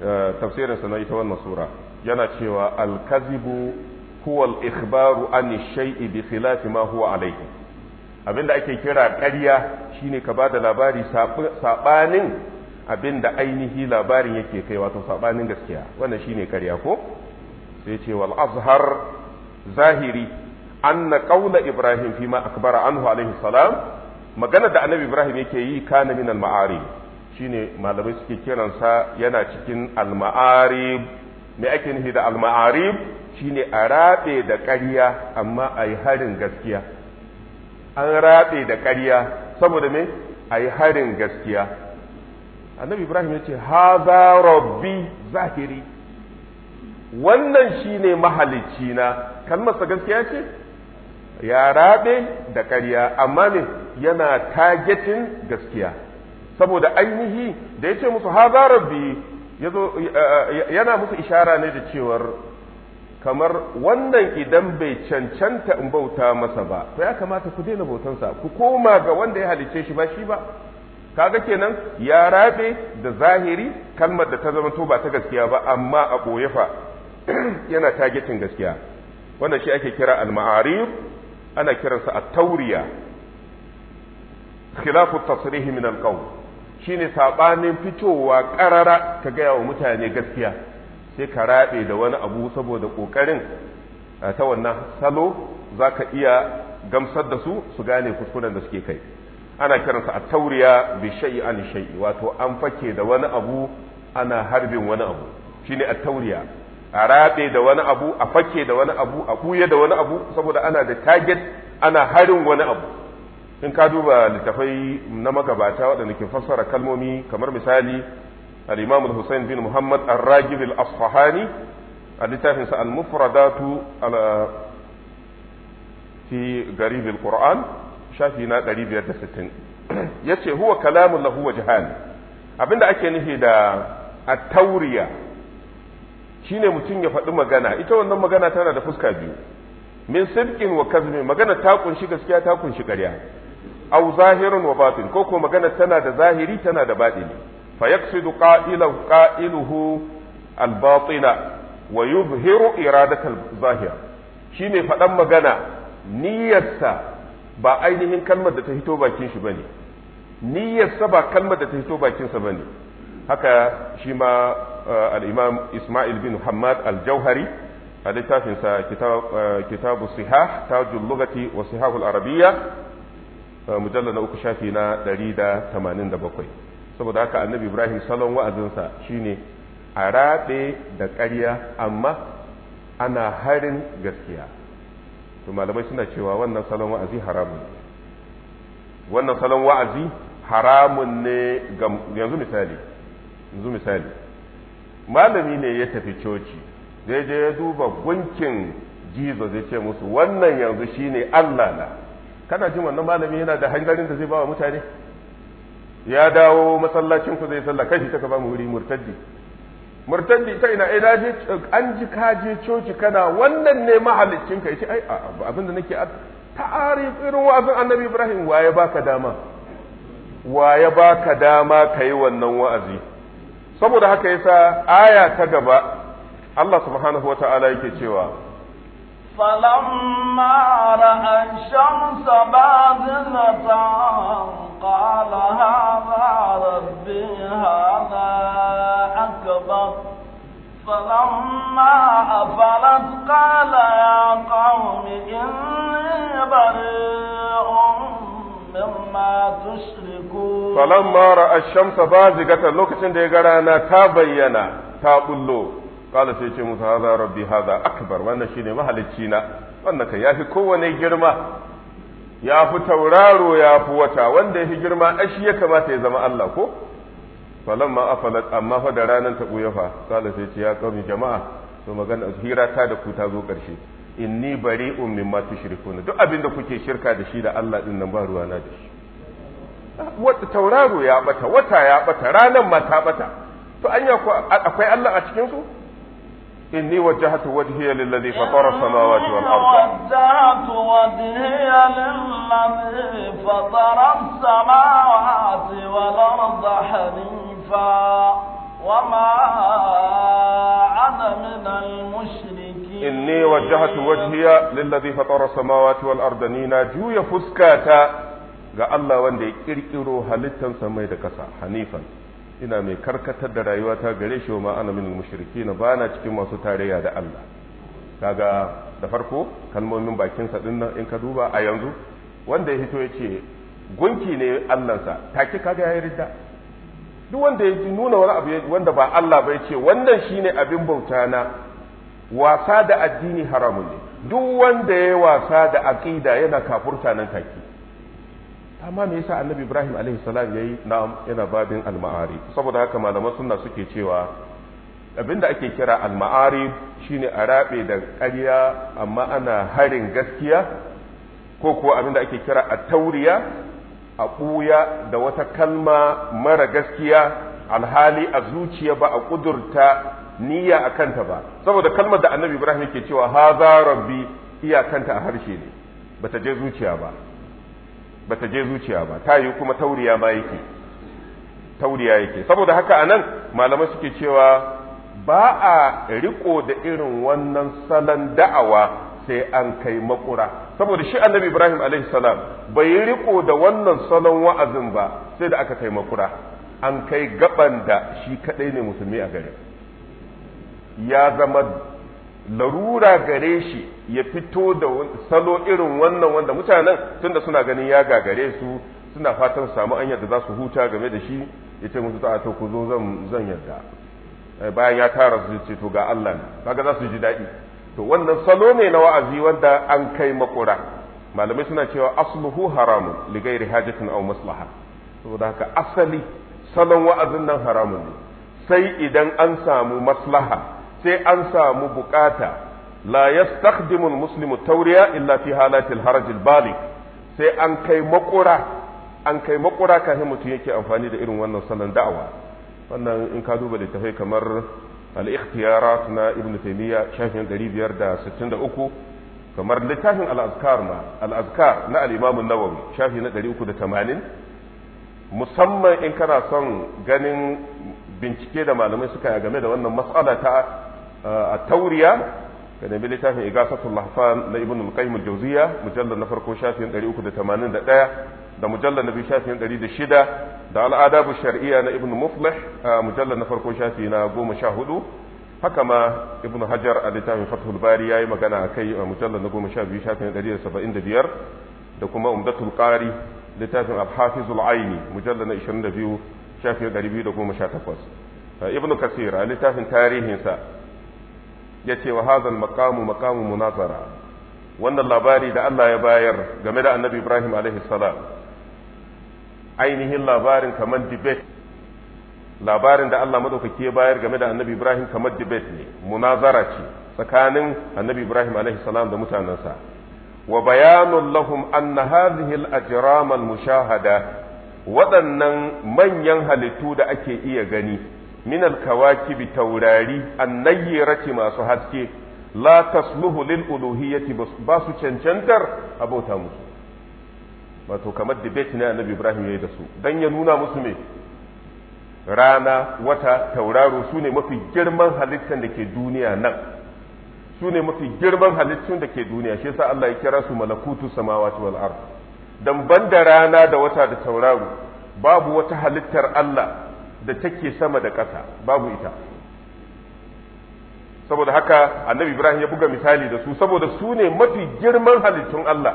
eh, tafsirinsa na ita wannan sura yana cewa al-kazibu huwa al-ikhbaru an shay'i bi khilafi ma huwa alayhi abinda ake kira ƙarya shine ka bada labari abin abinda ainihi labarin yake kai wato sabanin gaskiya wannan shine ƙarya ko sai ce wal azhar zahiri anna qawla ibrahim ma akbara anhu alaihi salam magana da annabi ibrahim yake yi kana min al ma'arib shine malamai suke kiransa yana cikin al ma'arib me ake nufi da al ma'arib shine a rabe da ƙarya amma a yi harin gaskiya an rabe da ƙarya saboda me a yi harin gaskiya annabi ibrahim ya ce haza rabbi zahiri wannan shine mahalicci na kalmarsa gaskiya ce ya rabe da ƙarya amma ne yana tagetin gaskiya saboda ainihi da ya ce musu haza rabbi yana musu ishara ne da cewar kamar wannan idan bai cancanta in bauta masa ba to ya kamata ku daina bautansa ku koma ga wanda ya halice shi ba shi ba kaga kenan ya rabe da zahiri kalmar da ta zama to ba ta gaskiya ba amma a boye fa [clears throat] yana tagetin gaskiya wannan shi ake kira al-ma'arif ana kiransa at-tawriya khilafu at-tasrih min al-qawl shine sabanin fitowa karara ka gaya wa mutane gaskiya sai ka raɓe da wani abu saboda ƙoƙarin eh, ta wannan salo za ka iya gamsar da su su gane kuskuren da suke kai ana kiransa a tauriya bi sha'i an shay'i wato an fake da wani abu ana harbin wani abu shine a tauriya a rabe da wani abu a fake da wani abu a huye da wani abu saboda ana da target ana harin wani abu in ka duba littafai na magabata waɗanda ke fassara kalmomi kamar misali al-imam al bin muhammad ar-ragib al-asfahani a littafin sa al-mufradatu fi garib al-quran shafi na 560 yace huwa kalamun lahu wajhan abinda ake nufi da at-tawriya shine mutum ya faɗi magana ita wannan magana tana da fuska biyu min sidqin wa kazmi magana ta kunshi gaskiya ta kunshi ƙarya au zahirin wa batin ko ko magana tana da zahiri tana da baɗi. fa yaqsidu qa'ilahu qa'iluhu al-batila wa yuzhiru iradatal zahira faɗan magana niyyarsa ba ainihin kalmar da ta hito bakin shi bane niyyarsa ba kalmar da ta hito bakinsa sa bane haka shi ma al Isma'il bin Muhammad al-Jauhari a littafin sa kitabu sihah tajul lugati wa sihahul arabiyya mujallal na uku shafi na 187 saboda haka annabi ibrahim salon wa'azinsa shine a rabe da ƙarya amma ana harin gaskiya to malamai suna cewa wannan salon wa'azi haramun ne wannan salon wa'azi haramun ne yanzu misali yanzu misali malami ne ya tafi coci zai je ya duba gunkin jizo zai ce musu wannan yanzu shine allah na kana jin wannan malami yana da hangarin da zai ba wa mutane ya dawo masallacin ku zai sallah kashi ta ka ba mu wuri murtaddi murtaddi ta ina ai eh, naje an ji ka je coci kana wannan ne mahallicin ka yace ai abinda nake ta'arif irin wa'azin annabi ibrahim waye baka dama waye baka dama kai wannan wa'azi saboda haka yasa aya ta gaba Allah subhanahu wata'ala yake cewa فلما رأى الشمس باذلة قال هذا ربي هذا أكبر فلما أفلت قال يا قوم إني بريء مما تشركون فلما رأى الشمس بازغة لوكتين دي غرانا تبينا تابلو kala sai ce musu haza rabbi haza akbar wannan shine mahalicci na wannan kai yafi kowane girma ya fi tauraro ya fi wata wanda ya fi girma ashi ya kamata ya zama Allah ko falamma afalat amma fa da ranar ta buya fa kala sai ce ya kaumi jama'a to magana hira ta da ku ta zo karshe inni bari'un mimma tushrikuna duk abin da kuke shirka da shi da Allah din nan ba ruwa na da shi wata tauraro ya bata wata ya bata ranar ma ta bata to anya akwai Allah a cikin su إني وجهت وجهي للذي فطر السماوات والأرض إني وجهت وجهي للذي فطر السماوات والأرض حنيفا وما أنا من المشركين إني وجهت وجهي للذي فطر السماوات والأرض نينا جوي فسكاتا قال الله wanda ya kirkiro halittan samai ina mai karkatar da rayuwata gare shi wa ma'ana min mushriki na ba na cikin masu tarayya da Allah kaga da farko kalmomin bakinsa din nan in ka duba a yanzu wanda ya hito ya ce gunki ne sa take kaga ya ridda. duk wanda ya nuna wani abu wanda ba Allah ba yace ce wannan shine abin bauta na wasa da addini haramun ne duk wanda ya wasa da aqida yana kafurta nan take amma me yasa annabi ibrahim alaihi salam yayi na'am yana babin al-ma'arib saboda haka malaman sunna suke cewa abinda ake kira al shine a rabe da ƙarya amma ana harin gaskiya ko kuwa abinda ake kira a tauriya a ɓuya da wata kalma mara gaskiya alhali a zuciya ba a ƙudurta niyya a kanta ba saboda kalmar da annabi ibrahim yake cewa haza rabbi iya kanta a harshe ne bata je zuciya ba ba ta je zuciya ba ta yi kuma tauriya ma yake tauriya yake saboda haka anan malamai suke cewa ba a riko da irin wannan salon da'awa sai an kai makura saboda shi annabi ibrahim alaihi salam bai yi riko da wannan salon wa'azin ba sai da aka kai makura an kai gaban da shi kadai ne musulmi a garin ya zama larura gare shi ya fito da salo irin wannan wanda mutanen tun da suna ganin ya gagare su suna fatan samu anyar da za su huta game da shi ya ce musu ta'ato ku zo zan yarda eh, bayan ya tara su ce to ga Allah ne kaga za su ji daɗi to wannan salo ne na wa'azi wanda an kai makura malamai suna cewa asluhu haramun li ghairi hajatin aw maslaha saboda haka asali salon wa'azin nan haramun ne sai idan an samu maslaha sai an samu bukata la yastakhdimu almuslimu tawriya illa fi halatil haraj albalik sai an kai makura an kai makura kafin mutum yake amfani da irin wannan salon da'awa wannan in ka duba littafai kamar al-ikhtiyarat na Ibn taymiya shafin 563 kamar littafin al-azkar na al-azkar na al-imam an-nawawi shafi na 380 musamman in kana son ganin bincike da malamai suka yi game da wannan matsala ta a tauriya ka nemi littafin igasatul lahfan na ibn al-qayyim al na farko shafin 381 da mujallal na biyu shafin 106 da al-adabu shar'iyya na ibn muflih mujallal na farko shafi na 14 haka ma ibn hajar a littafin fathul ya yi magana akai a mujallal na 12 shafin 175 da kuma umdatul qari littafin al-hafizul aini mujallal na 22 shafin 218 ibn kasir littafin tarihinsa yace wa hadha al-maqamu munazara wannan labari da Allah ya bayar game da Annabi Ibrahim alaihi salam ainihin labarin kamar dibet labarin da Allah madaukaki ya bayar game da Annabi Ibrahim kamar debate ne munazara ce tsakanin Annabi Ibrahim alaihi salam da mutanansa wa bayanun lahum anna hadhihi al-ajram al-mushahada waɗannan manyan halittu da ake iya gani min kawakibi taurari annayyirati masu haske la tasluhu lil uluhiyyati ba su cancantar abota musu wato kamar debate ne annabi Ibrahim yayi da su dan ya nuna musu me rana wata tauraro su ne mafi girman halittar da ke duniya nan su ne mafi girman halittun da ke duniya shi yasa Allah ya kira su malakutu samawati wal ard dan banda rana da wata da tauraro babu wata halittar Allah da take sama da ƙasa babu ita saboda haka annabi ibrahim ya buga misali da su saboda su ne mafi girman halittun allah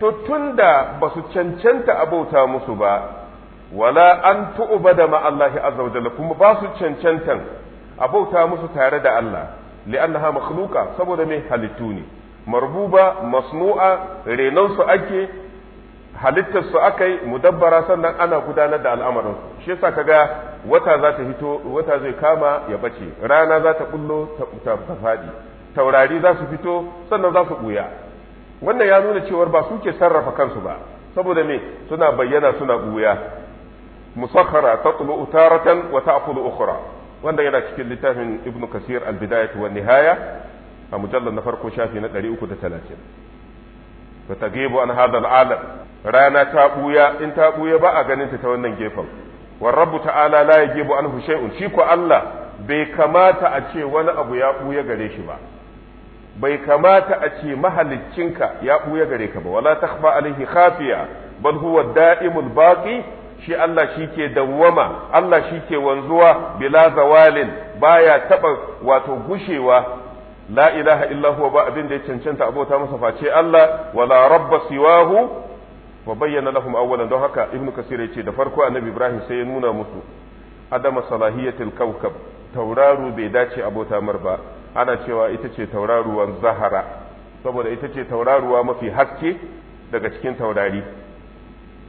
to da ba su cancanta abauta musu ba wala an tu'uba da ma'allahi azza kuma ba su cancantan abauta musu tare da allah li'annaha makhluqa saboda mai halittu ne marbuba masnu'a renansu ake halittar su mu mudabbara sannan ana gudanar da al'amarin su shi yasa kaga wata za ta hito wata zai kama ya bace rana za ta kullo ta fadi taurari za su fito sannan za su buya wannan ya nuna cewar ba su ke sarrafa kansu ba saboda me suna bayyana suna buya musakhara tatlu taratan wa ta'khulu ukhra wanda yana cikin littafin ibnu kasir al-bidayah wa nihaya a mujallal na farko shafi na 330 فتغيب عن هذا العالم rana ta buya in ta buya ba a ganin ta ta wannan gefen wa rabbu ta'ala la yajibu an shay'un shi ko Allah bai kamata a ce wani abu ya buya gare shi ba bai kamata a ce mahaliccinka ya buya gare ka ba wala takhfa alihi khafiya bal huwa da'imul baqi shi Allah shike dawwama Allah shike wanzuwa bila zawalin baya taba wato gushewa la ilaha illa huwa ba abin da ya cancanta abota masa face Allah wala rabba siwahu wa bayyana lahum awwalan don haka ibnu kasir yace da farko annabi ibrahim sai ya nuna musu adama salahiyatil kawkab tauraro bai dace abota mar ba ana cewa ita ce tauraruwan zahara saboda ita ce tauraruwa mafi haske daga cikin taurari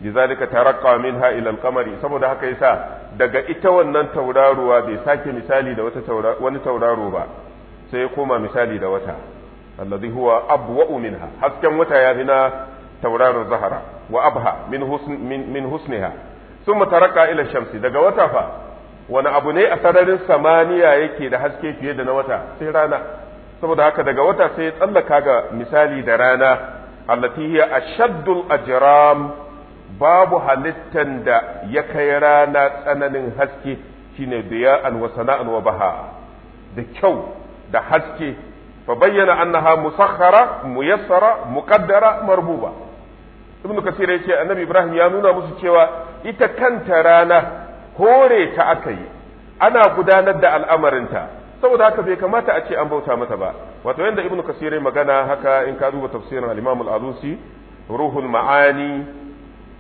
bizalika tarakka minha ila alqamari saboda haka yasa daga ita wannan tauraruwa bai sake misali da wata wani tauraro ba sai ya koma misali da wata alladhi huwa abwa'u minha hasken wata ya fi na tauraro zahra wa abha min husn min husniha thumma ila shamsi daga wata fa wani abu ne a sararin samaniya yake da haske fiye da na wata sai rana saboda haka daga wata sai ya tsallaka ga misali da rana allati hiya a ajram babu halittar da ya kai rana tsananin haske shine biya an wa da kyau da haske fa bayyana annaha musakhara muyassara muqaddara marbuba Ibn kasir yace annabi ibrahim ya nuna musu cewa ita kanta rana hore ta aka yi ana gudanar da al'amarinta saboda haka bai kamata a ce an bauta mata ba wato yanda ibnu kasira magana haka in ka duba tafsirin al-imam al-alusi ruhul ma'ani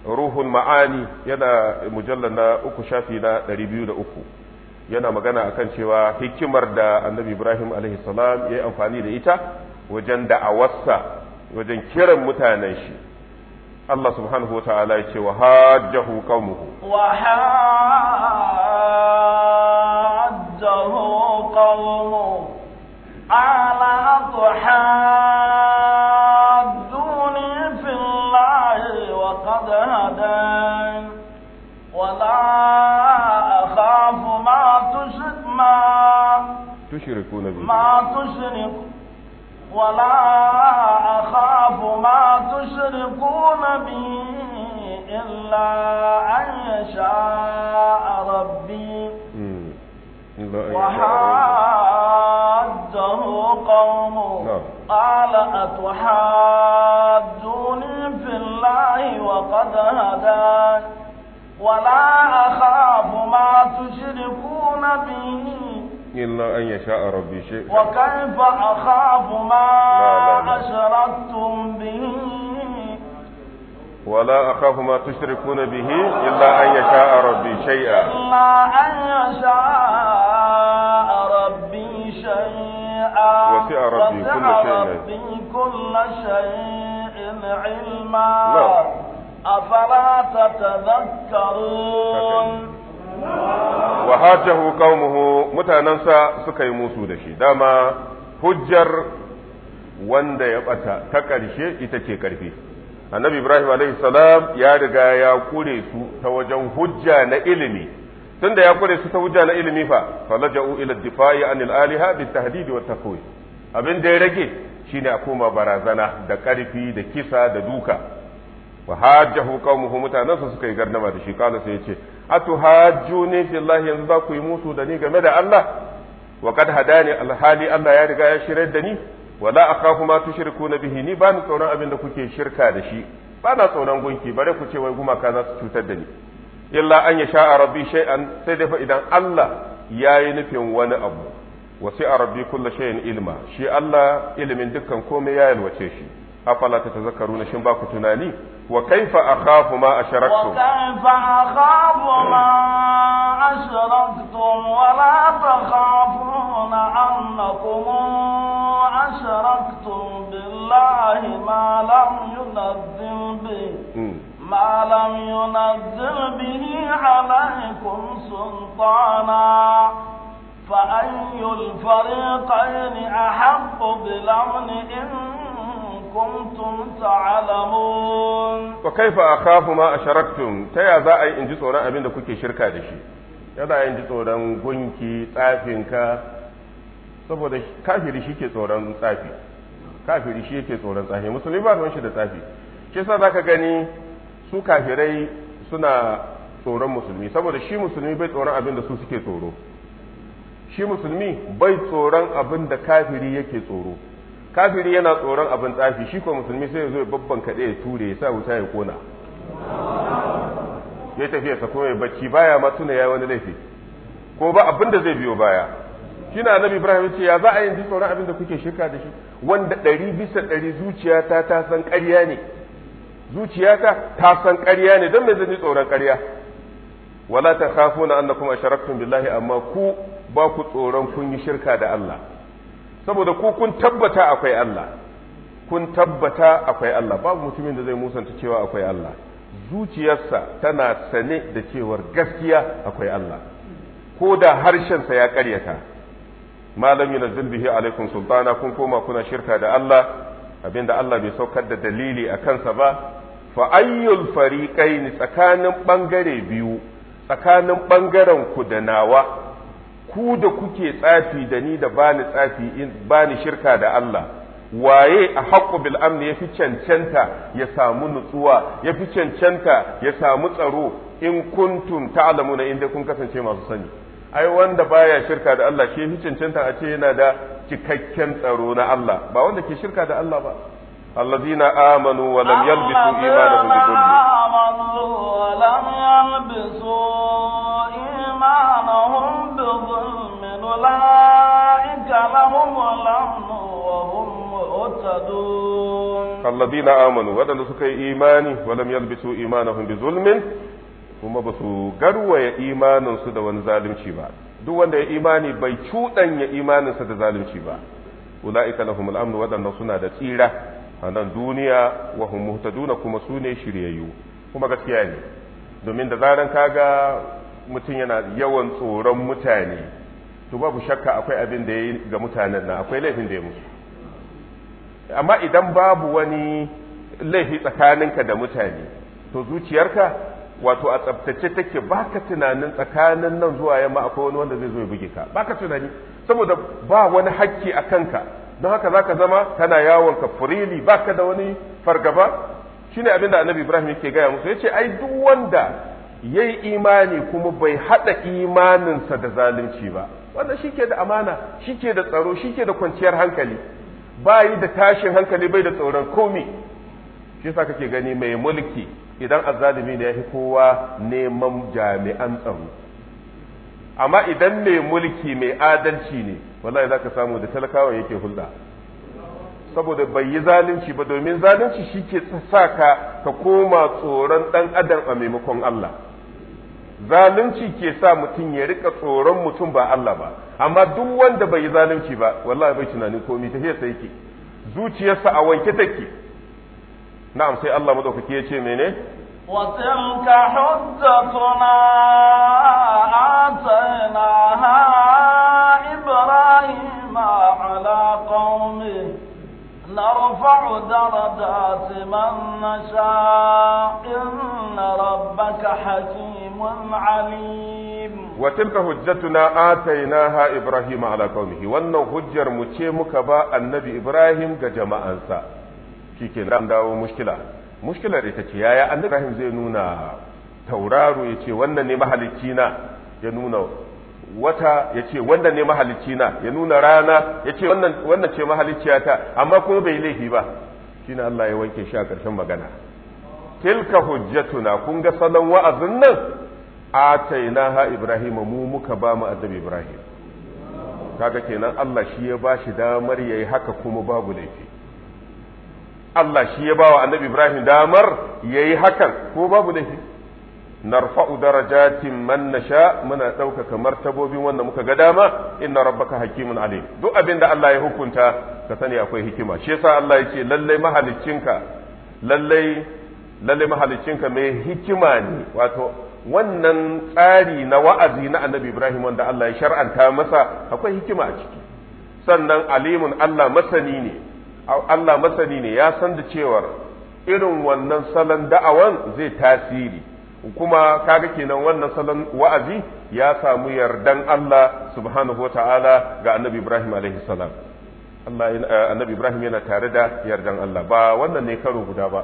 ruhul ma'ani yana mujallal na uku shafi na 203 yana magana akan cewa hikimar da annabi ibrahim alaihi salam ya yi amfani da ita wajen da'awarsa wajen kiran mutanen shi Allah subhanahu wa ta'ala ya ce wa hajjahu qaumuhu wa hajjahu qaumuhu ala tuhadduni fillahi wa qad hadan wa la akhafu ma tushrik ma tushrikuna bihi ma tushrik ولا أخاف ما تشركون به إلا أن يشاء ربي وحاده قومه نعم. قال أتحاجوني في الله وقد هداك ولا أخاف ما تشركون به إلا أن يشاء ربي شيء وكيف أخاف ما أشركتم به ولا أخاف ما تشركون به إلا أن يشاء ربي شيئا إلا أن يشاء ربي شيئا وسع ربي كل شيء ربي كل شيء علما نعم. أفلا تتذكرون wa hajjahu qaumuhu mutanansa suka yi musu da shi dama hujjar wanda ya bata ta ƙarshe ita ce ƙarfi annabi ibrahim alaihi salam ya riga ya kure su ta wajen hujja na ilimi tunda ya kure su ta hujja na ilimi fa falaja'u ila difa'i anil aliha bitahdid wa taqwi abin da ya rage shine a koma barazana da ƙarfi da kisa da duka wa hajjahu qaumuhu mutanansa suka yi gardama da shi kana sai ya ce atuhajjuni fillahi yanzu za ku yi musu da ni game da Allah wa kad hadani alhali Allah ya riga ya shirar da ni wala akhafu ma tushrikuna bihi ni ba ni tsoron abin da kuke shirka da shi ba na tsoron gunki bare ku ce wai gumaka za su cutar da ni illa an ya yasha rabbi shay'an sai dai fa idan Allah ya yi nufin wani abu sai rabbi kullu shay'in ilma shi Allah ilimin dukkan komai ya yalwace shi أفلا تتذكرون شنبا كتناني وكيف أخاف ما أشركتم وكيف أخاف ما أشركتم ولا تخافون أنكم أشركتم بالله ما لم ينزل به ما لم ينزل به عليكم سلطانا فأي الفريقين احق بالأمن إن kuntum ta'lamun fa kaifa akhafu ma asharaktum ta ya za a yi in ji tsoron abin da kuke shirka da shi ya za in ji tsoron gunki tsafinka saboda kafiri shi ke tsoron tsafi kafiri shi ke tsoron tsafi musulmi ba ruwan shi da tsafi shi yasa zaka gani su kafirai suna tsoron musulmi saboda shi musulmi bai tsoron abin da su suke tsoro shi musulmi bai tsoron abin da kafiri yake tsoro kafiri yana tsoron abin tsafi shi ko musulmi sai ya zo babban kaɗe ya ture ya sa wuta ya kona ya tafiya sa kuma ya bacci baya ma tuna ya wani laifi ko ba abin da zai biyo baya shi na annabi ibrahim ya ce ya za a yi tsoron abin da kuke shirka da shi wanda ɗari bisa ɗari zuciyata ta san ƙarya ne zuciyata ta san ƙarya ne don me zan tsoron ƙarya wala ta khafuna annakum asharaktum billahi amma ku ba ku tsoron kun yi shirka da Allah saboda ku kun tabbata akwai Allah kun tabbata akwai Allah babu mutumin da zai musanta cewa akwai Allah zuciyarsa tana sane da cewar gaskiya akwai Allah ko da harshensa ya karyata malam yunazzil zulbihi alaikum sultana kun koma kuna shirka da Allah abinda Allah bai saukar da dalili a kansa ba fa ayyul fariqain tsakanin bangare biyu tsakanin bangaren ku da nawa ku da kuke tsafi da ni da bani tsafi bani shirka da Allah waye a haƙƙo bil amni ya fi cancanta ya samu nutsuwa ya fi cancanta ya samu tsaro in kuntum ta'lamuna inda kun kasance masu sani ai wanda baya shirka da Allah shi fi cancanta a ce yana da cikakken tsaro na Allah ba wanda ke shirka da Allah ba الذين آمنوا ولم يلبسوا إيمانهم بظلم الذين آمنوا ولم يلبسوا إيمانهم بظلم أولئك لهم الأمن وهم مهتدون الذين آمنوا ولم يلبسوا إيمانهم بظلم kuma ba su garwaya imaninsu da wani zalunci ba duk wanda ya imani bai cuɗanya imaninsa da zalunci ba ula'ika lahumul amnu waɗannan suna da tsira a duniya wa hum muhtaduna kuma su ne shiryayyu kuma gaskiya ne domin da zaran kaga mutum yana yawan tsoron mutane to babu shakka akwai abin da yayi ga mutanen nan akwai laifin da ya musu amma idan babu wani laifi tsakaninka da mutane to zuciyarka wato a tsabtace take baka tunanin tsakanin nan zuwa yamma akwai wani wanda zai zo ya buge ka baka tunani saboda ba wani hakki a kanka don haka za ka zama kana yawon ka furili ka da wani fargaba shine abinda annabi ibrahim yake gaya musu Ya ce, ai duk wanda ya yi imani kuma bai haɗa imaninsa da zalunci ba wannan ke da amana shi ke da tsaro shi ke da kwanciyar hankali Ba yi da tashin hankali bai da tsoron komi shi sa kake gani mai mulki idan azzalimi ne ya fi kowa neman jami'an tsaro amma idan mai mulki mai adalci ne wallahi za ka samu da talakawa yake hulɗa saboda bai yi zalunci ba domin zalunci shi ke sa ka ka koma tsoron ɗan adam a maimakon Allah zalunci ke sa mutum ya rika tsoron mutum ba Allah ba amma duk wanda bai yi zalunci ba wallahi bai tunanin komai ta sai yake zuciyarsa a wanke take na'am sai Allah madaukaki ya ce mene وتلك hujjatuna آتيناها إبراهيم على قومه نرفع درجات من نشاء إن ربك حكيم عليم وتلك حجتنا آتيناها إبراهيم على قومه وأن حجر مشيمك با النبي إبراهيم كجماعة شيكين داو مشكلة مشكلة ريتك يا النبي إبراهيم زي نونا tauraro ya ce wannan ne mahalicci na ya nuna wata ya ce wannan ne mahalicci na ya nuna rana ya ce wannan ce amma kuma bai laifi ba Shin Allah ya wanke shi a ƙarshen magana tilka hujjatuna kun ga salon wa'azin nan A ataina ha ibrahim mu muka ba mu annabi ibrahim kaga kenan Allah shi ya ba shi damar yayi haka kuma babu laifi Allah shi ya ba wa annabi ibrahim damar yayi hakan ko babu laifi narfa'u darajatin man nasha muna ɗaukaka martabobin wanda muka ga dama inna rabbaka hakimun alim duk abinda da Allah ya hukunta ka sani akwai hikima shi yasa Allah ya ce lalle mahaliccinka lalle lalle mahalicinka mai hikima ne wato wannan tsari na wa'azi na Annabi Ibrahim wanda Allah ya shar'anta masa akwai hikima a ciki sannan alimun Allah masani ne Allah masani ne ya san da cewar irin wannan salon da'awan zai tasiri kuma kaga kenan wannan salon wa'azi ya samu yardan Allah subhanahu wa ga annabi Ibrahim alaihi salam Allah eh, annabi Ibrahim yana tare da yardan Allah ba wannan ne karo guda ba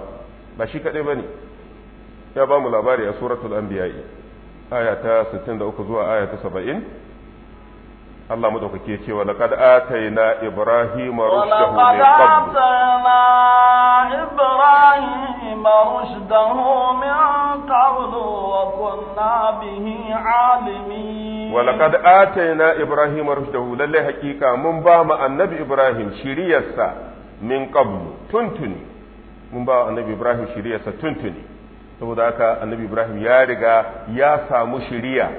ba shi kadai bane ya ba mu labari a suratul anbiya aya ta 63 zuwa ayata ta Allah madaukake ya ce wa laqad atayna ibrahima rushdahu min qabl ibrahima rushdahu min qabl wa kunna bihi alimin wa laqad atayna ibrahima rushdahu lalle hakika mun ba mu annabi ibrahim shiriyarsa min qabl tuntuni mun ba annabi ibrahim shiriyarsa tuntuni saboda haka annabi ibrahim ya riga ya samu shiriya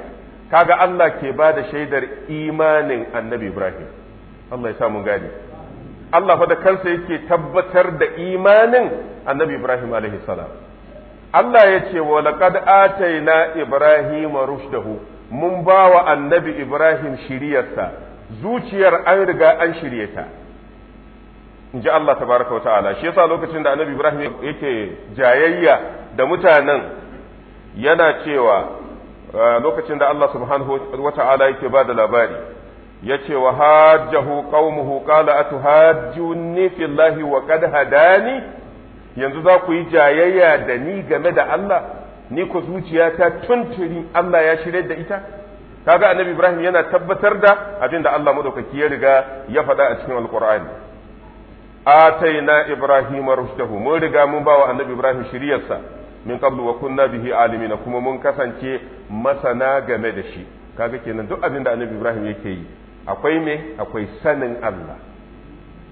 kaga Allah ke ba da shaidar imanin annabi Ibrahim Allah ya samu gani Allah fa da kansa yake tabbatar da imanin annabi Ibrahim alaihi salam Allah ya ce wa laqad Ibrahim ibrahima rushdahu mun ba wa annabi Ibrahim shiriyarsa zuciyar an riga an shirye ta in ji Allah tabaraka wa ta'ala shi yasa lokacin da annabi Ibrahim yake jayayya da mutanen yana cewa lokacin da Allah subhanahu wa ta'ala yake ba da labari yace wa hajjahu qaumuhu qala atuhajjunni fillahi wa qad hadani yanzu za ku yi jayayya da ni game da Allah ni ku zuciya ta tuntuni Allah ya shirye da ita kaga annabi Ibrahim yana tabbatar da abin da Allah madaukaki ya riga ya faɗa a cikin alqur'ani ataina Ibrahim rushtahu mun riga mun ba wa annabi Ibrahim shiryarsa. min qablu wa kunna bihi alimin kuma mun kasance masana game da shi kaga kenan duk abin da annabi Ibrahim yake yi akwai me akwai sanin Allah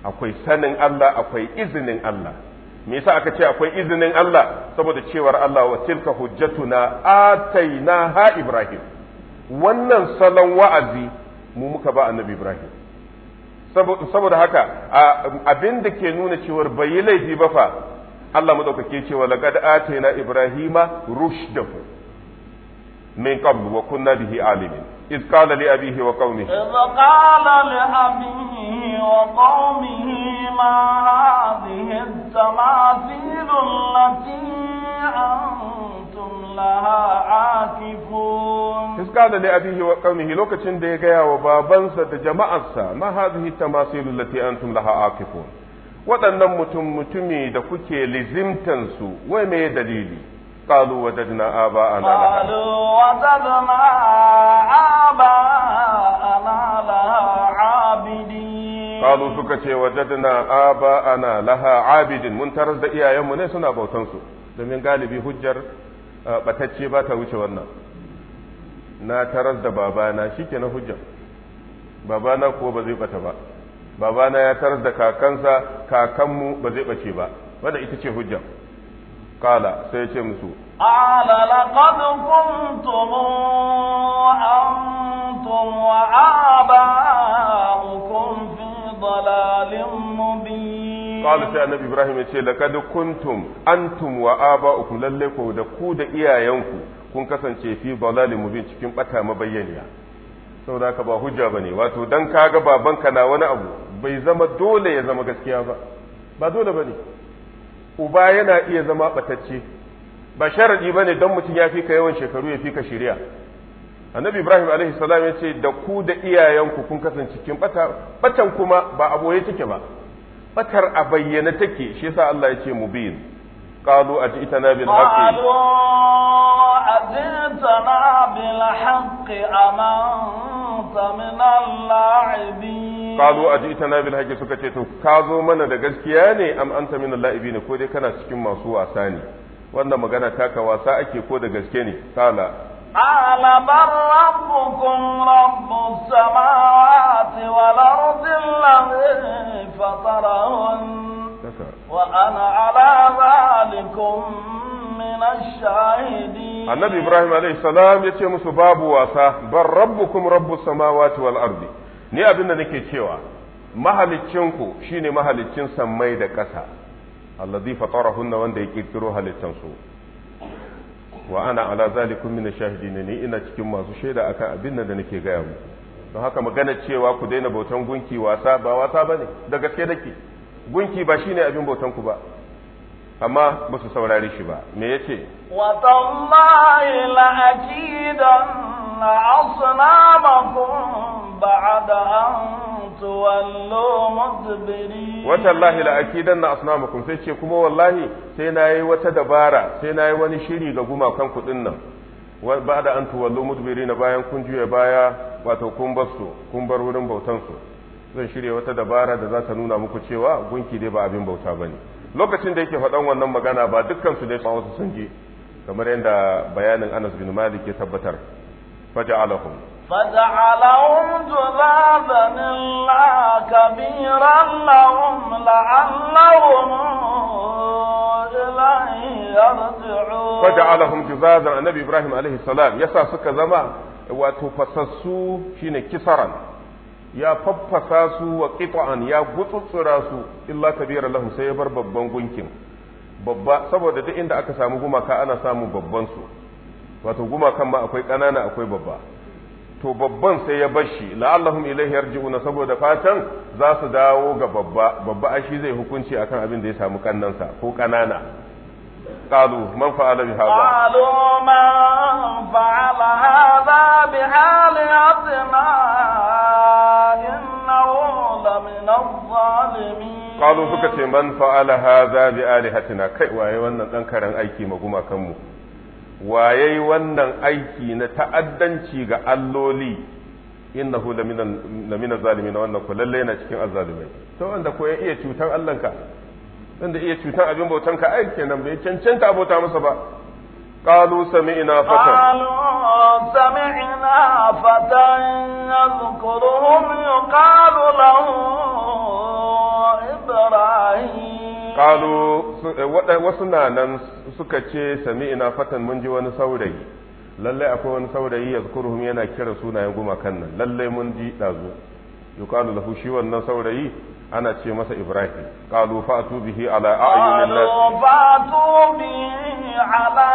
akwai sanin Allah akwai izinin Allah me yasa aka ce akwai izinin Allah saboda cewar Allah wa tilka hujjatuna ataina ha Ibrahim wannan salon wa'azi mu muka ba annabi Ibrahim saboda haka abin da ke nuna cewar bai yi laifi ba fa Allah madaukake cewa laqad atayna ibrahima rushdahu min qabl wa kunna bihi alimin إذ قال لأبيه وقومه إذ قال لأبيه وقومه ما هذه التماثيل التي أنتم لها عاكفون إذ قال لأبيه وقومه لوكتشن ديجا وبابنسة جماعة ما هذه التماثيل التي أنتم لها عاكفون waɗannan mutum mutumi da kuke lizimtansu wai me dalili قالوا وجدنا آباءنا لها قالوا وجدنا آباءنا لها عابدين قالوا سكتي وجدنا آباءنا laha عابدين mun ترز da iyayenmu ne suna bautan su domin galibi hujjar batacce ba ta wuce wannan na taras da babana shike na hujjar babana ko ba zai bata ba babana ya tarar da kakansa kakanmu ba zai bace ba wanda ita ce hujja kala sai ya ce musu ala laqad kuntum antum wa aba'ukum fi dalalin mubin kala sai annabi ibrahim ya ce laqad kuntum antum wa aba'ukum lalle ko da ku da iyayenku kun kasance fi dalalin mubin cikin bata mabayyaniya saboda haka ba hujja bane wato dan kaga babanka na wani abu bai zama dole ya zama gaskiya ba ba dole bane uba yana iya zama batacce ba sharadi bane dan mutum ya fi ka yawan shekaru ya fika shari'a annabi ibrahim alaihi salam ya ce da ku da iyayenku kun kasance cikin bata batan kuma ba aboye take ba batar a bayyana take shi yasa Allah ya ce mubin قالوا أجئتنا بالحق قالوا أجئتنا بالحق أم أنت من اللاعبين قالوا أجئتنا بالحق سكتيتو كازو من da gaskiya ne am anta min al-la'ibin ko dai kana cikin masu wasa ne wannan magana taka wasa ake ko da gaske ne kala قال بل ربكم رب السماوات والأرض الذي فطرهن ala zalikum min ash الشاهدين Annabi Ibrahim alayhi salam yace musu babu wasa rabbukum rabbus samawati wal ardi. ni abin da nake cewa mahaliccinku shine mahaliccin sammai da ƙasa allazi fatarahunna wanda ya kirkiro halittansu wa ana ala zalikum min shahidin ni ina cikin masu shaida akan abin da nake gaya muku don haka magana cewa ku daina bautan gunki wasa ba wasa bane da gaske nake gunki ba shi ne abin bautan ku ba amma ba su saurare shi ba me yace wa tallahi la akidan asnamakum ba'da mudbiri wa tallahi la akidan sai ce kuma wallahi sai nayi wata dabara sai nayi wani shiri ga gumakan nan. Ba ba'da an tuwallu mudbiri na bayan kun juya baya wato kun bar kun bar wurin bautan zan shirya wata dabara da za ta nuna muku cewa gunki dai ba abin bauta ba ne lokacin da yake faɗan wannan magana ba dukkan su ne ba wasu sun ji kamar yadda bayanin Anas bin Malik ya tabbatar faja'alahum faja'alahum zulalan illa kabiran lahum la'allahum ilayhi yarji'un faja'alahum juzazan annabi Ibrahim alaihi salam yasa suka zama wato fasassu shine kisaran ya faffasa su wa qita'an ya gutsutsura su illa kabira lahu sai ya bar babban gunkin babba saboda duk inda aka samu gumaka ana samun babban su wato gumakan ma akwai ƙanana akwai babba to babban sai ya bar shi la'allahum ilayhi yarji'una saboda fatan za su dawo ga babba babba shi zai hukunci akan abin da ya samu kannansa ko ƙanana قالوا من فعل بهذا قالوا من فعل هذا بآلهتنا إنه لمن الظالمين قالوا suka ce man fa'ala hadha bi alihatina kai waye wannan dan karan aiki maguma kanmu waye wannan aiki na ta'addanci ga alloli innahu lamina lamina zalimin wannan ko yana cikin azzalimai to wanda ko iya cutar Allahnka dan da iya cutan abin bautan ka ai kenan bai cancanta abota masa ba قالوا سمعنا فتى قالوا سمعنا فتى يذكرهم يقال له إبراهيم قالوا وسنا نن سكتشي سمعنا فتى من جوان سوري lallai akwai wani saurayi ya zukuruhum yana kira sunayen goma kan nan lallai mun ji ɗazu yuqalu lahu shi wannan saurayi ana ce masa Ibrahim qalu fa'tu bihi ala a'yunin nas fa'tu bihi ala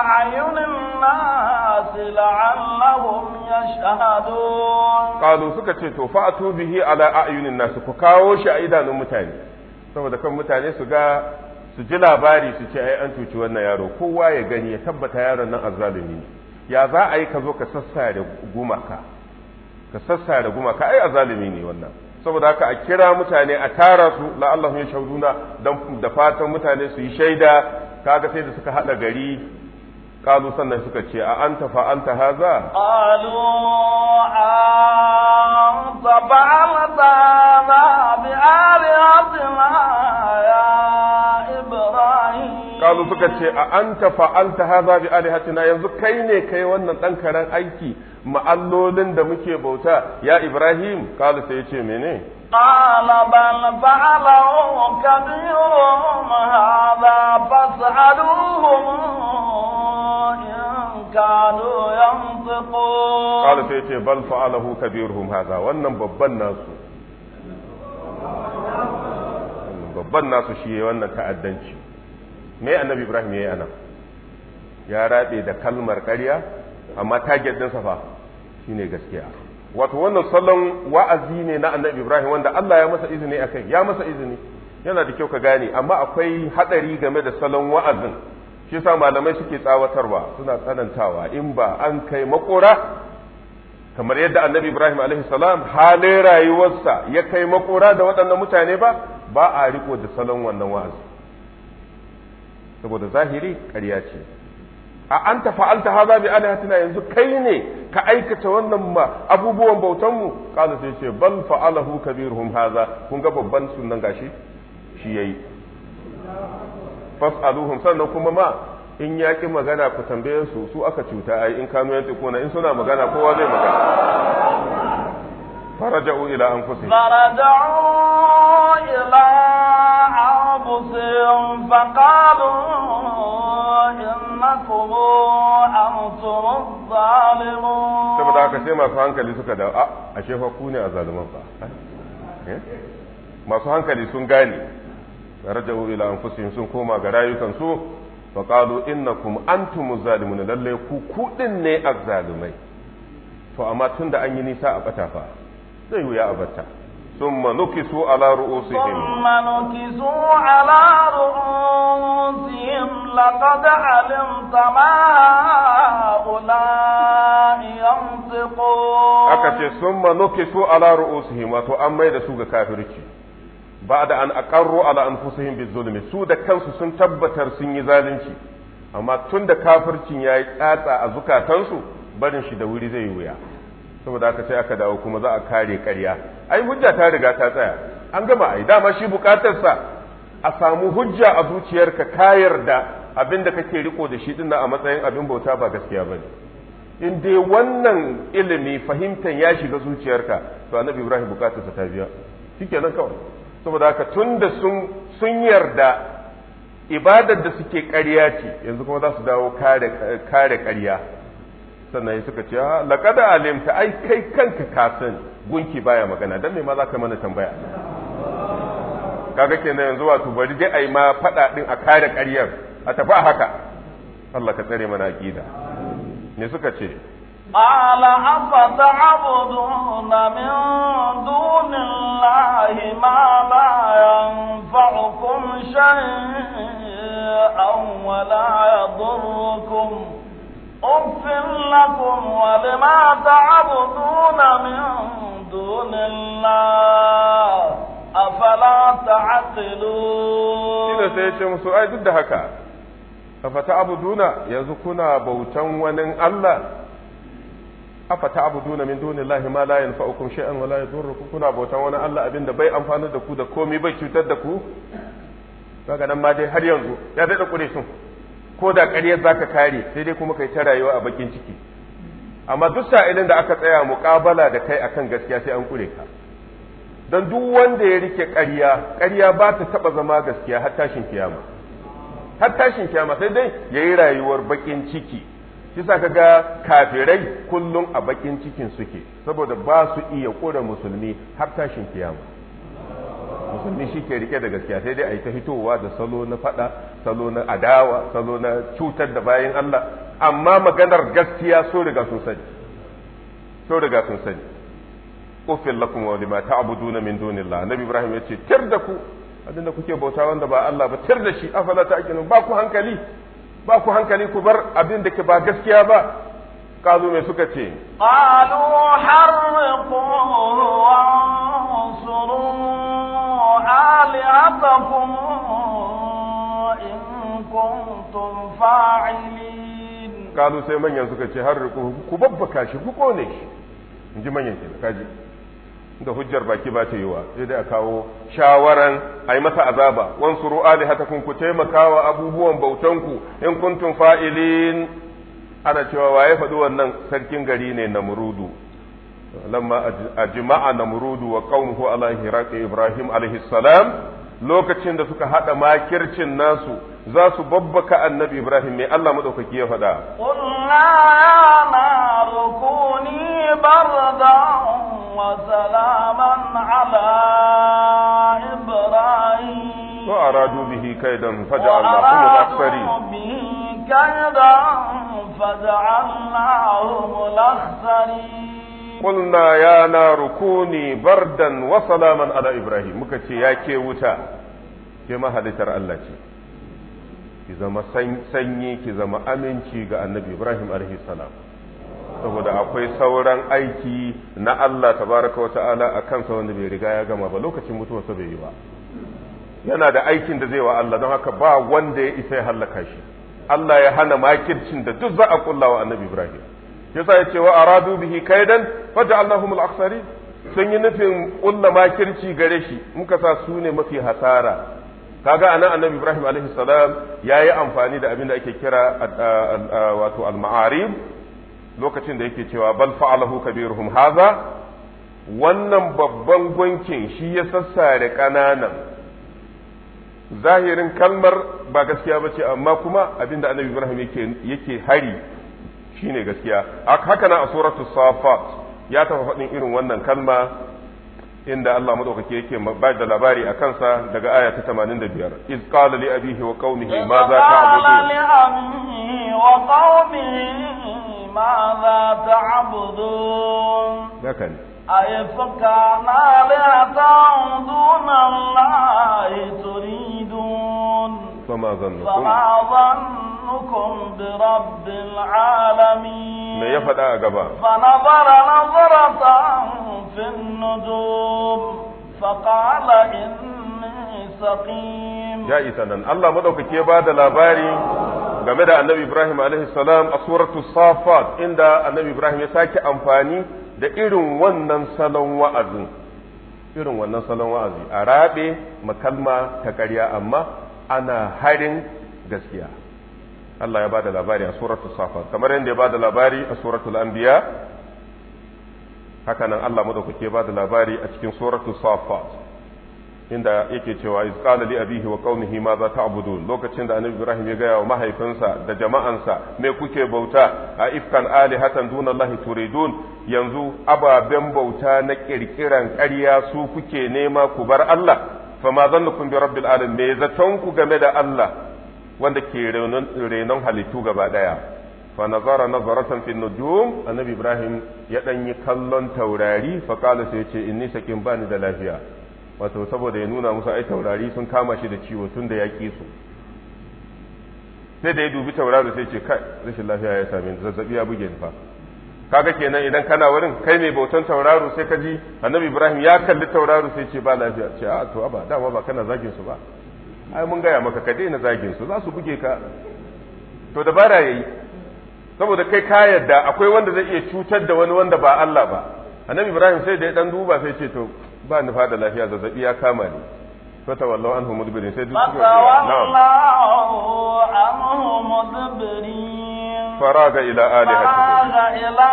a'yunin nas la'allahum yashhadun qalu suka ce to fa'tu bihi ala a'yunin nas ku kawo shi a idanun mutane saboda kan mutane su ga su ji labari su ce ai an cuci wannan yaro kowa ya gani ya tabbata yaron nan azzalumi ne ya za a yi ka zo ka sassare gumaka ka sassare gumaka ai azzalumi ne wannan saboda haka a kira mutane a tara su Allah ya shauduna don da fatan mutane su yi shaida kaga sai da suka hada gari kazo sannan suka ce a anta fa anta haza qalu anta fa anta bi alihatina ya kalu suka ce a an ta fa'alta haza bi alihatina yanzu kai ne kai wannan dan karan aiki ma'allolin da muke bauta ya ibrahim kalu sai ce mene qala bal fa'alahu kabiruhum hadha fas'aluhum kanu yantiqun kalu sai yace bal fa'alahu kabiruhum hadha wannan babban nasu babban nasu shi wannan ta'addanci me annabi ibrahim yayi anan ya rabe da kalmar ƙarya amma target ɗinsa fa shine gaskiya wato wannan salon wa'azi ne na annabi ibrahim wanda Allah ya masa izini akai ya masa izini yana da kyau ka gane amma akwai hadari game da salon wa'azin shi yasa malamai suke tsawatarwa suna tsanantawa in ba an kai makora kamar yadda annabi ibrahim alaihi salam halin rayuwarsa ya kai makora da waɗannan mutane ba ba a riko da salon wannan wa'azi saboda zahiri ƙarya ce a an ta fa'alta haza bi alihatina yanzu kai ne ka aikata wannan ma abubuwan bautan mu kaza sai ce bal fa'alahu kabiruhum haza kun ga babban sunan gashi shi yayi fas'aluhum sannan kuma ma in ya magana ku tambaye su su aka cuta ai in kanu yanzu kuna in suna magana kowa zai magana فرجعوا إلى أنفسهم فرجعوا إلى أنفسهم فقالوا إنكم أنتم الظالمون saboda haka sai masu hankali suka da a ashe ku ne a zaluman fa masu hankali sun gane u ila anfusihim sun koma ga rayukansu fa qalu innakum antum zalimun lalle ku kuɗin ne azzalumai to amma tunda an yi nisa a bata zai wuya a bata sun manuki su ala ru'usihim sun manuki su ala ru'usihim laqad alimta ma ula yantiqu aka ce sun manuki su ala ru'usihim wato an mai da su ga kafirci Su da kansu sun tabbatar sun yi zalunci. Amma tun da kafircin ya yi tsatsa a zukatansu, barin shi da wuri zai yi wuya. saboda aka sai aka dawo kuma za a kare ƙarya ai hujja ta riga ta tsaya an gama ai dama shi sa a samu hujja a zuciyarka ka yarda abin da kake riko da shi dinnan a matsayin abin bauta ba gaskiya bane in dai wannan ilimi fahimtan ya shiga zuciyarka to annabi ibrahim bukatarsa ta biya shikenan kawai saboda haka tunda sun sun yarda ibadar da suke ƙarya ce yanzu kuma za su dawo kare kare ƙarya sannan suka ce ah, laqad alimta ai kai kanka kasan gunki baya magana don me ma za ka mana tambaya kaga kenan yanzu wato bari dai ai ma fada din a kare karyar a tafi a haka Allah ka tsare mana aqida ne suka ce قال أفتعبدون من دون الله ما لا ينفعكم شيئا ولا يضركم أغفر لكم ولما تعبدون من دون الله أفلا تعقلون إذا سيتم musu ai duk da haka afata abuduna yanzu kuna bautan wani Allah afata abuduna min dunillahi ma la yanfa'ukum shay'an wa la yadurrukum kuna bautan wani Allah abin da bai amfana da ku da komai bai cutar da ku kaga nan ma dai har yanzu ya da ƙure sun ko da ƙaryar za ka kare sai dai kuma kai ta rayuwa a bakin ciki amma duk sa'ilin da aka tsaya muƙabala da kai akan gaskiya sai an kure ka don duk wanda ya rike ƙarya ƙarya ba ta taɓa zama gaskiya har tashin kiyama har tashin kiyama sai dai ya yi rayuwar bakin ciki shi sa ga kafirai kullum a bakin cikin suke saboda ba su iya ƙura musulmi har tashin kiyama musulmi shi ke rike da gaskiya sai dai a yi ta hitowa da salo na fada salo na adawa salo na cutar da bayan Allah amma maganar gaskiya so riga sun sani so riga sun sani ufil lakum wa lima ta'buduna min dunillah nabi ibrahim yace tir da ku abinda kuke bauta wanda ba Allah ba tir da shi afala ta'qilun ba ku hankali ba ku hankali ku bar abin da ke ba gaskiya ba kazu mai suka ce qalu harriquhu wansuru alihatakum in kuntum fa'ilin kazu sai manyan suka ce harriquhu ku babbaka shi ku kone shi in ji manyan ka kaji da hujjar baki ba ta yiwa sai dai a kawo shawaran ai masa azaba wansuru alihatakum ku taimakawa abubuwan bautanku in kuntum fa'ilin ana cewa waye faɗi wannan sarkin gari ne namrudu lamma na murudu wa qaumuhu ala hiraqi ibrahim alaihi lokacin da suka haɗa makircin nasu za su babbaka annabi ibrahim mai Allah madaukaki ya faɗa qulna ya naru kuni bardan wa salaman ala ibrahim aradu bihi كيدا فجعلناهم الأخسرين قلنا يا نار كوني بردا وسلاما على إبراهيم مكتي يا كي وتا كما هدتر الله ki zama sanyi ki zama aminci ga annabi ibrahim salam saboda akwai sauran aiki na allah tabaraka wa ta'ala a kansa wanda bai riga ya gama ba lokacin mutuwarsa bai yi ba yana da aikin da zai wa allah don haka ba wanda ya isa ya hallaka shi Allah ya hana makircin da duk za a kulla wa annabi Ibrahim yasa ya ce wa aradu bihi kaidan faja'alnahum al-aksari sun yi nufin kulla makirci gare shi muka sa su ne mafi hasara kaga anan annabi Ibrahim alaihi salam yayi amfani da abin da ake kira wato al-ma'arib lokacin da yake cewa bal fa'alahu kabiruhum haza wannan babban gunkin shi ya sassare ƙananan zahirin kalmar ba gaskiya ba ce amma kuma abinda annabi ibrahim yake hari shine gaskiya haka na a suratul safat ya taɓa faɗin irin wannan kalma inda Allah madaukake yake ba da labari a kansa daga aya ta 85 iz qala li abihi wa qaumihi ma za ta'budun ma za ta'budun haka ne الله تريد يعلمون فما ظنكم فما ظنكم برب العالمين ما يفدا غبا فنظر نظرة في النجوم فقال إني سقيم يا إسانا الله مدوكك يبعد لاباري game da annabi ibrahim alaihi salam a suratu safat inda annabi ibrahim ya sake amfani da irin wannan salon wa'azin irin wannan salon wa'azi a rabe makalma ta ƙarya amma ana harin gaskiya Allah ya ba da labari a suratul safar kamar yadda ya ba da labari a suratul anbiya haka nan Allah madaukake ba da labari a cikin suratul safar. inda yake cewa iz qala li abihi wa qaumihi ma za ta'budun lokacin da annabi ibrahim ya gaya wa mahaifinsa da jama'ansa me kuke bauta a ifkan alihatan dunallahi turidun yanzu ababen bauta na kirkiran ƙarya su kuke nema ku bar Allah fama zannukum bi rabbil alamin me zaton ku game da Allah wanda ke renon halittu gaba daya fa nazara nazaratan fi nujum annabi ibrahim ya dan yi kallon taurari fa qala sai ya ce inni sakin bani da lafiya wato saboda ya nuna musu ai taurari sun kama shi da ciwo tun da ya ki su sai da ya dubi taurari sai ce kai rashin lafiya ya same ni zazzabi ya buge ni fa kaga kenan idan kana wurin kai mai bautan tauraro sai ka ji annabi ibrahim ya kalli tauraro sai ce ba lafiya ce a ah, to ba dama ba kana zagin su ba ai mun gaya maka ka daina zagin su za su buge ka to dabara yayi saboda kai ka yarda akwai wanda zai iya cutar da wani wanda ba Allah ba annabi ibrahim sai da ya dan duba sai ce to ba ni fada lafiya zazzabi ya kama ni wallahu anhu mudbirin sai duk fatawallaw anhu faraga ila ali faraga ila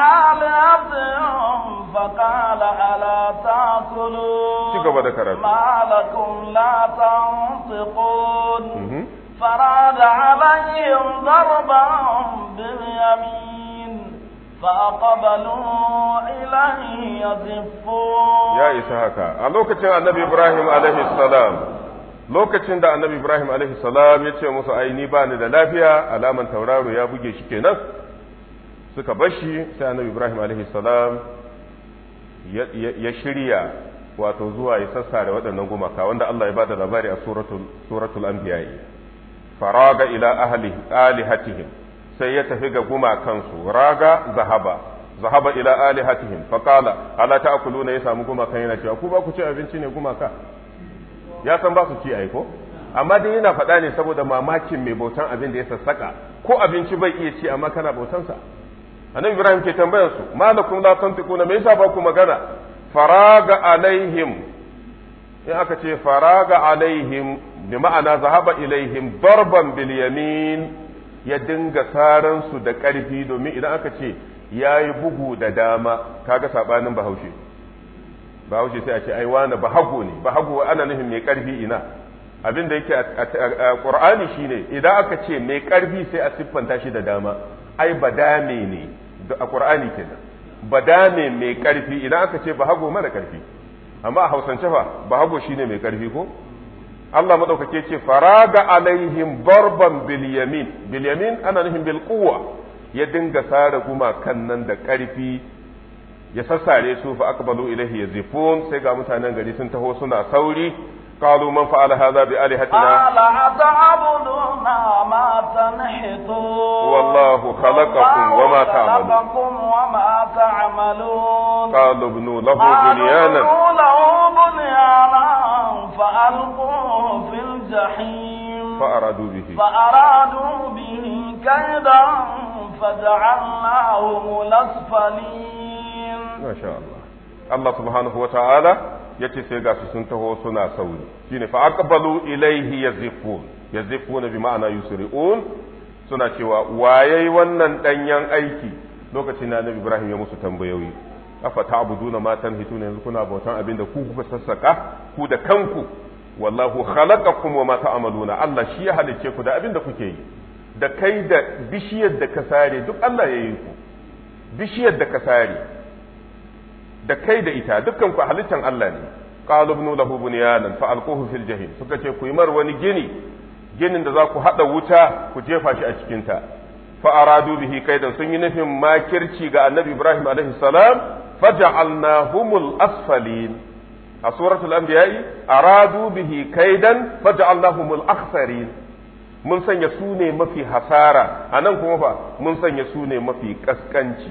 taqulu فقال ألا karatu malakum la لا mhm. faraga فراد darban bil yamin ya isa haka a إسحاق لوكتين النبي إبراهيم عليه lokacin da annabi ibrahim alaihi salam ya ce musu ai ni bani da lafiya alaman tauraro ya buge shi kenan suka bar shi sai annabi ibrahim alaihi salam ya shirya wato zuwa ya sassa da waɗannan gumaka wanda Allah ya bada labari a suratul suratul anbiya faraga ila ahli alihatihim sai ya tafi ga gumakansu raga zahaba zahaba ila alihatihim qala ala ta'kuluna ya samu gumakan yana cewa ku ba ku ci abinci ne gumaka ya san ba su ci ai ko amma dai yana faɗa ne saboda mamakin mai bautan abin da ya sassaka ko abinci bai iya ci amma kana bautan sa annabi ibrahim ke tambayar su malakum la tantiquna me yasa ba ku magana faraga alaihim in aka ce faraga alaihim bi ma'ana zahaba ilaihim darban bil yamin ya dinga saransu da ƙarfi domin idan aka ce ya yi bugu da dama kaga saɓanin bahaushe bahaushe sai a ce ai wani bahago ne bahago ana nufin mai ƙarfi ina abin da yake a ƙur'ani shine idan aka ce mai ƙarfi sai a siffanta shi da dama ai badame ne a ƙur'ani kenan badame mai ƙarfi idan aka ce bahago mara ƙarfi amma a hausance fa bahago shine mai ƙarfi ko Allah maɗaukake ce faraga alaihim barban bil yamin bil yamin ana nufin bil kuwa ya dinga sare gumakan nan da ƙarfi ya sassare su fa aqbalu ilaihi yazifun sai ga mutanen gari sun taho suna sauri قالوا من فعل هذا بآلهتنا قال أتعبدون ما تنحتون والله خلقكم وما تعملون وما تعملون قالوا ابنوا له بنيانا قالوا له بنيانا فألقوه في الجحيم فأرادوا به فأرادوا به كيدا فجعلناهم الأسفلين ما شاء الله الله سبحانه وتعالى yace sai ga su sun taho suna sauri shine fa aqbalu ilaihi yazifun yazifuna bi ma'ana yusri'un suna cewa wayayi wannan danyen aiki lokacin da Annabi Ibrahim ya musu tambayoyi afa ta'buduna ma tanhituna yanzu kuna bautan abin da ku kuka sassaka ku da kanku wallahu kuma wa mata amaluna Allah shi ya halicce ku da abin da kuke yi da kai da bishiyar da ka sare duk Allah ya yi ku bishiyar da ka sare da kai da ita dukkan ku halittan Allah ne qalu ibnu lahu bunyanan fa alquhu fil jahim suka ce ku yi mar wani gini ginin da za ku hada wuta ku jefa shi a cikin ta fa aradu bihi kaidan sun yi nufin makirci ga annabi Ibrahim alaihi salam faja'alnahumul asfalin a suratul anbiya'i aradu bihi kaidan faja'alnahumul akhsarin mun sanya su ne mafi hasara anan kuma fa mun sanya su ne mafi kaskanci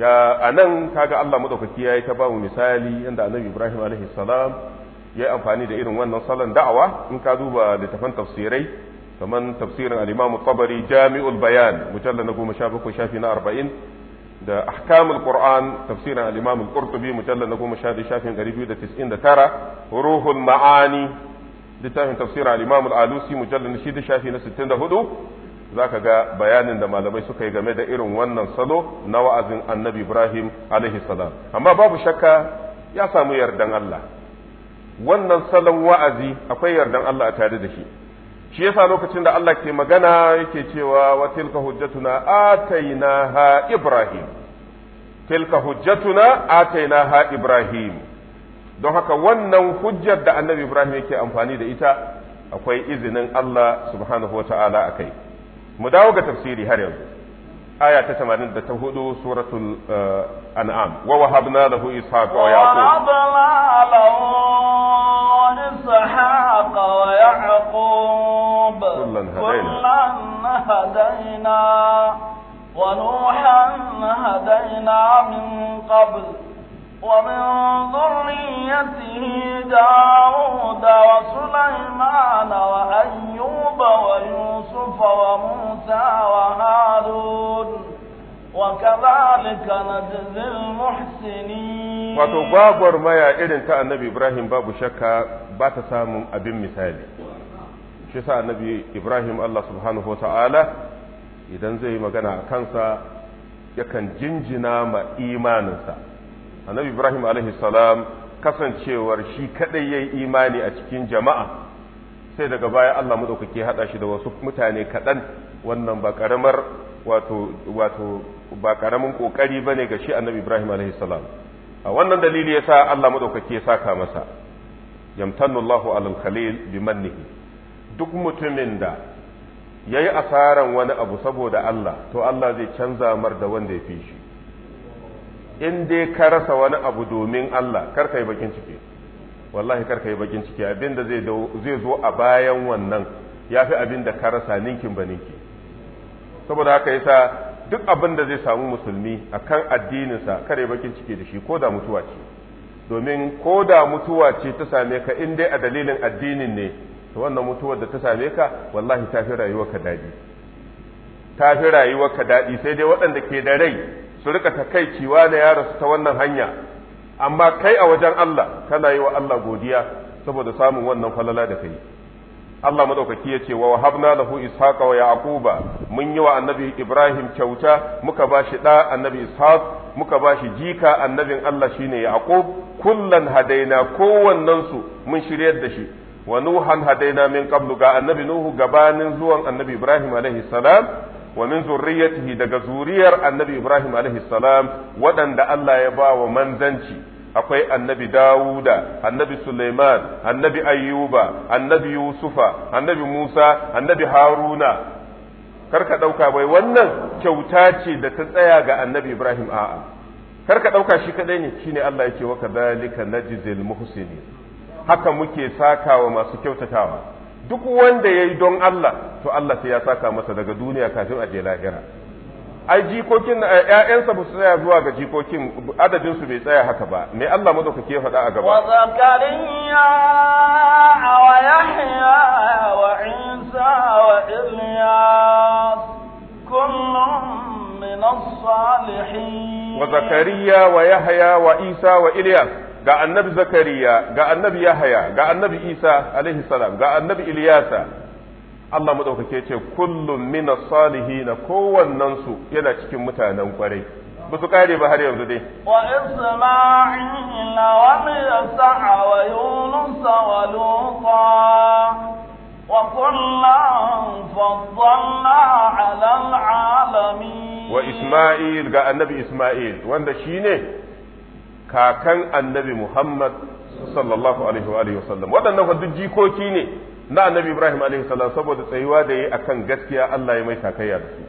ya anan kaga Allah madaukaki yayi ta bamu misali inda Annabi Ibrahim alaihi salam ya amfani da irin wannan salon da'awa in ka duba littafan tafsirai kaman tafsirin al-Imam Jami'ul Bayan mujallal na 17 shafi na arba'in. da ahkamul qur'an tafsirin al-imam al-qurtubi mujallal na goma sha biyu shafin ɗari biyu da tis'in da tara ruhul ma'ani littafin tafsirin al-imam al-alusi mujallal na shida shafi na sittin da hudu zaka ga bayanin da malamai suka yi game da irin wannan salo na wa'azin annabi ibrahim alaihi salam amma babu shakka ya samu yardan allah wannan salon wa'azi akwai yardan allah a tare da shi shi yasa lokacin da Allah ke magana yake cewa wa tilka hujjatuna atainaha ibrahim tilka hujjatuna atainaha ibrahim don haka wannan hujjar da annabi ibrahim yake amfani da ita akwai izinin Allah subhanahu wata'ala akai mu dawo ga tafsiri har yanzu aya ta 84 suratul eh, an'am wa wahabna lahu ishaqa wa yaqub wa lahu ishaqa wa yaqub كلا هدينا كلا هدينا ونوحا هدينا من قبل ومن ذريته داود وسليمان وأيوب ويوسف وموسى وهارون وكذلك نجزي المحسنين wato ما يا إذن annabi إبراهيم babu شكا ba ta samun abin shi sa annabi ibrahim allah subhanahu wa ta'ala idan zai yi magana a kansa yakan jinjina ma imaninsa annabi ibrahim alaihi salam kasancewar shi kadai ya yi imani a cikin jama'a sai daga baya allah maɗaukaki haɗa shi da wasu mutane kaɗan wannan ba ƙaramar wato wato ba ƙaramin ƙoƙari ba ne ga shi annabi ibrahim alaihi salam a wannan dalili ya sa allah maɗaukaki ya saka masa yamtanullahu alal khalil bi mannihi duk mutumin da ya yi asaran wani abu saboda Allah to Allah zai canza mar da wanda ya fi shi in dai ka rasa wani abu domin Allah kar ka yi bakin ciki wallahi kar yi bakin ciki abin da zai zo a bayan wannan ya fi abin da ka rasa ninkin ba ninki saboda haka yasa duk abin da zai samu musulmi akan addininsa kare bakin ciki da shi ko da mutuwa ce domin ko da mutuwa ce ta same ka in dai a dalilin addinin ne to wannan mutuwar da ta same ka wallahi ta fi rayuwar ka daɗi ta fi rayuwar ka daɗi sai dai waɗanda ke da rai su rika ciwa da ya rasu ta wannan hanya amma kai a wajen Allah kana yi wa Allah godiya saboda samun wannan falala da kai Allah madaukaki ya ce wa wahabna lahu ishaqa wa yaquba mun yi wa annabi ibrahim kyauta muka bashi da annabi ishaq muka bashi jika annabin Allah shine yaqub kullan hadaina kowannansu mun shiryar da shi wa nuhan hadaina min qablu ga annabi nuhu gabanin zuwan annabi ibrahim alaihi salam wa min zurriyyatihi daga zuriyar annabi ibrahim alaihi salam waɗanda Allah ya ba wa manzanci akwai annabi dawuda annabi suleiman annabi ayyuba annabi yusufa annabi musa annabi haruna karka ɗauka bai wannan kyauta ce da ta tsaya ga annabi ibrahim a'a karka ɗauka shi kaɗai ne ne allah yake wa kadhalika najzil muhsinin haka muke sakawa masu kyautatawa duk wanda ya yi don Allah to Allah sai ya saka masa daga duniya kafin a je lahira ai jikokin eh, ƴaƴansa ba su tsaya zuwa ga jikokin adadin su bai tsaya haka ba me Allah madaukake ya faɗa a gaba wa zakariya wa yahya wa isa wa ilya kullum min as-salihin wa zakariya wa yahya wa isa wa ilyas ga annabi zakariya ga annabi yahaya ga annabi isa alaihi salam ga annabi iliyasa Allah madaukake ce kullum min na kowannen su yana cikin mutanen kwarai ba su kare ba har yanzu dai wa isma'ila wa misa'a wa yunus wa luqa wa isma'il ga annabi isma'il wanda shine kakan annabi Muhammad sallallahu alaihi wa alihi wasallam waɗannan fa duk jikoki ne na annabi Ibrahim alaihi salam saboda tsayuwa da yayi akan gaskiya Allah ya mai takayya da su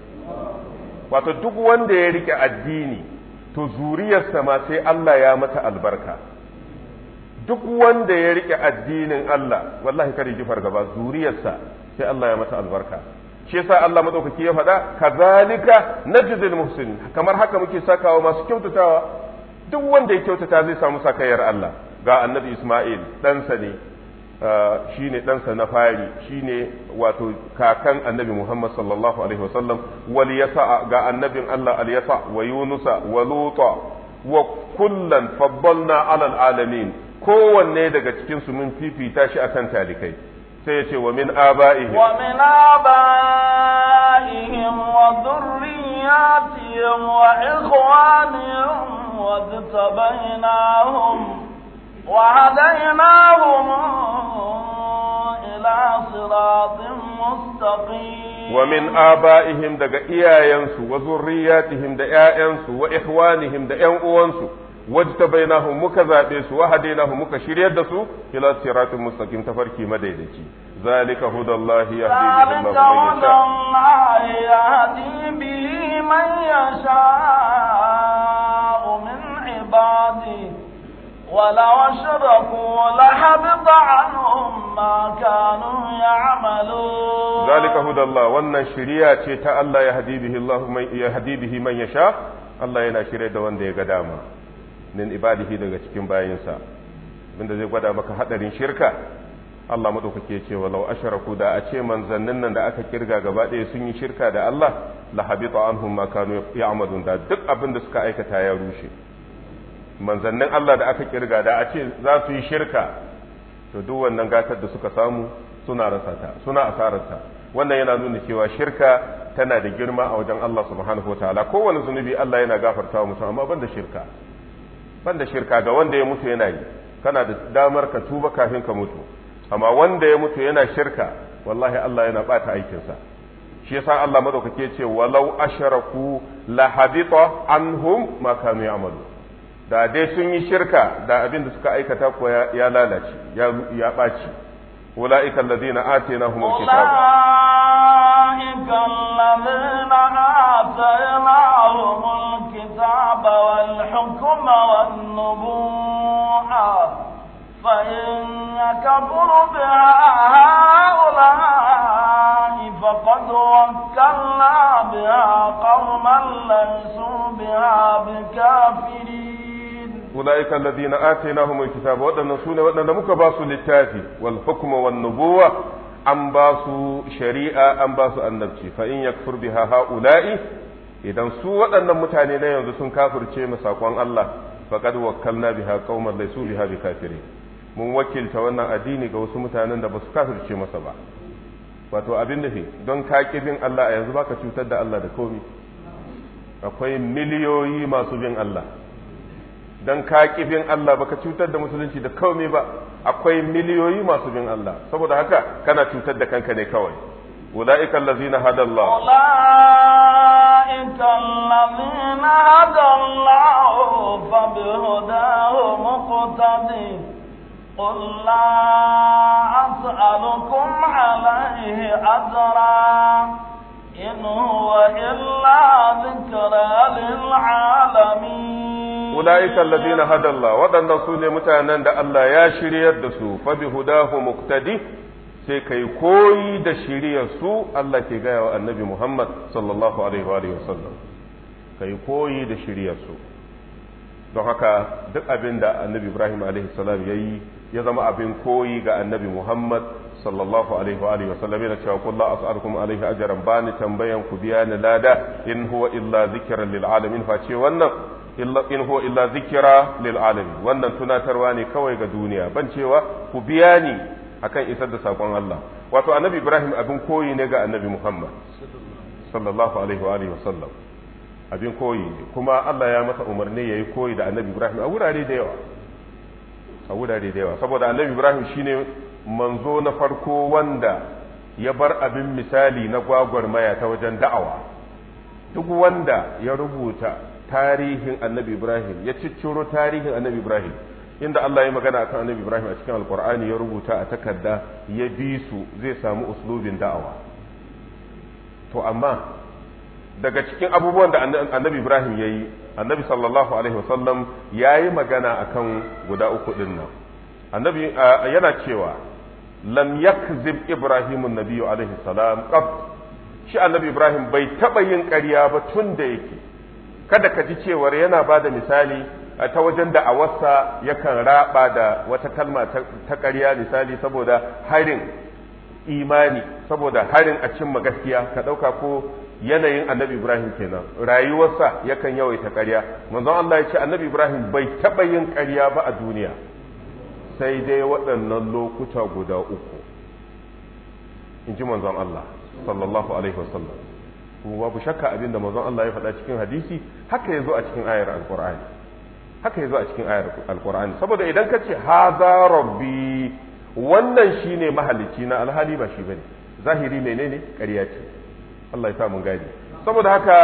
wato duk wanda ya rike addini to zuriyarsa ma sai Allah ya mata albarka duk wanda ya rike addinin Allah wallahi kare ji gaba zuriyarsa sai Allah ya mata albarka shi yasa Allah madaukaki ya faɗa kazalika najzil muhsin kamar haka muke sakawa masu kyautatawa duk wanda ya kyautata zai samu sakayyar Allah ga annabi Ismail ɗansa ne uh, shi ne ɗansa na fari shi ne wato kakan annabi Muhammad sallallahu alaihi wasallam wal yasa ga annabin Allah al yasa wa yunusa wa luta wa kullan faddalna alal alamin kowanne daga cikin su mun fifita shi akan talikai sai ya ce wa min aba'ihim wa min aba'ihim wa dhurriyyatihim wa ikhwanihim wa tabainahum wa hadainahum ila siratin mustaqim wa min aba'ihim daga iyayensu wa zurriyatihim da ƴaƴansu wa ikhwanihim da ƴan uwansu wajtabainahu muka zabe su wahadainahu muka shiryar da su ila siratin mustaqim farki madaidaici zalika hudallahi yahdi bihi man yasha bihi man yasha min ibadihi ولو أشركوا لحبط عنهم ما كانوا يعملون ذلك هدى الله وان شريعة تألا يهدي به الله من يهدي به من يشاء الله ينا شريعة وان دي min ibadihi daga cikin bayinsa abinda zai gwada maka hadarin shirka Allah madaukake ya ce walau asharaku da a ce manzannin nan da aka kirga gaba ɗaya sun yi shirka da Allah la habita anhum ma kanu ya'malun da duk abin da suka aikata ya rushe manzannin Allah da aka kirga da a ce za su yi shirka to duk wannan gatar da suka samu suna rasata suna asararta wannan yana nuna cewa shirka tana da girma a wajen Allah subhanahu wataala kowane zunubi Allah yana gafarta wa mutum amma ban da shirka banda shirka ga wanda ya mutu yana yi kana da damar ka tuba kafin ka mutu amma wanda ya mutu yana shirka wallahi Allah yana bata aikinsa shi yasa Allah madaukake ya ce walau asharaku la habita anhum ma kanu ya'malu da dai sun yi shirka da abin da suka aikata ko ya lalace ya ya baci ulaika alladhina atainahumul kitaba ulaika النبوءة فإن يكفر بها هؤلاء فقد وكلنا بها قوما ليسوا بها بكافرين أولئك الذين آتيناهم الكتاب وأن نسون وأن نمك مكباس للتاتي والحكم والنبوة an ba su shari'a an ba su annabci fa in yakfur biha ha'ula'i idan su waɗannan mutane na yanzu sun kafirce mu sakon Allah faqad wakkalna biha qauman laysu biha bikafirin mun wakilta wannan addini ga wasu mutanen da ba su kafirce masa ba wato abin nufi don ka bin Allah a yanzu baka cutar da Allah da komi akwai miliyoyi masu bin Allah don ka bin Allah baka cutar da musulunci da komi ba akwai miliyoyi masu bin Allah saboda haka kana cutar da kanka ne kawai ulaika allazina hadallah أولئك الذين هدى الله فبهداه مقتدي قل لا أسألكم عليه أجرا إن هو إلا ذكرى للعالمين أولئك الذين هدى الله ودن سوني متانا أن الله يا شريت دسو فبهداه مقتدي sai kai koyi da shiriyar su Allah ke gaya wa annabi Muhammad sallallahu alaihi wa sallam kai koyi da shiriyar su don haka duk abin da annabi Ibrahim alaihi salam ya yi ya zama abin koyi ga annabi Muhammad sallallahu alaihi wa alihi yana cewa kullu as'alukum alaihi ajran bani tambayan ku biya ni lada in huwa illa zikirar lil alamin fa ce wannan in huwa illa zikira lil alamin wannan tunatarwa ne kawai ga duniya ban cewa ku biya ni akan isar da sakon Allah wato annabi Ibrahim abin koyi ne ga annabi Muhammad sallallahu alaihi wa alihi wasallam abin koyi ne kuma Allah ya masa umarni yayi koyi da annabi Ibrahim a wurare da yawa a wurare da yawa saboda annabi Ibrahim shine manzo na farko wanda ya bar abin misali na gwagwarmaya ta wajen da'awa duk wanda ya rubuta tarihin annabi Ibrahim ya cicciro tarihin annabi Ibrahim inda Allah ya magana akan Annabi Ibrahim a cikin Alkur'ani ya rubuta a takarda ya bi su zai samu uslubin da'awa to amma daga cikin abubuwan da Annabi Ibrahim ya yi Annabi sallallahu alaihi wasallam ya yi magana akan guda uku din nan Annabi yana cewa lam yakzib Ibrahim annabi alaihi salam qab shi Annabi Ibrahim bai taba yin ƙarya ba tun da yake kada ka ji cewar yana bada misali A ta wajen da da'awarsa yakan raba da wata kalma ta ƙarya misali saboda harin imani saboda harin a cimma gaskiya ka ɗauka ko yanayin annabi ibrahim kenan rayuwarsa yakan yawaita ƙarya manzon Allah ya ce annabi ibrahim bai taɓa yin ƙarya ba a duniya sai dai waɗannan lokuta guda uku in ji manzon Allah sallallahu alaihi wasallam babu shakka abin da manzon Allah ya faɗa cikin hadisi haka ya zo a cikin ayar alƙur'ani haka zo a cikin ayar alqur'ani saboda idan ka ce haza rabbi wannan shi ne mahalicci na alhali ba shi bane zahiri menene ƙarya ce Allah ya sa mun gani saboda haka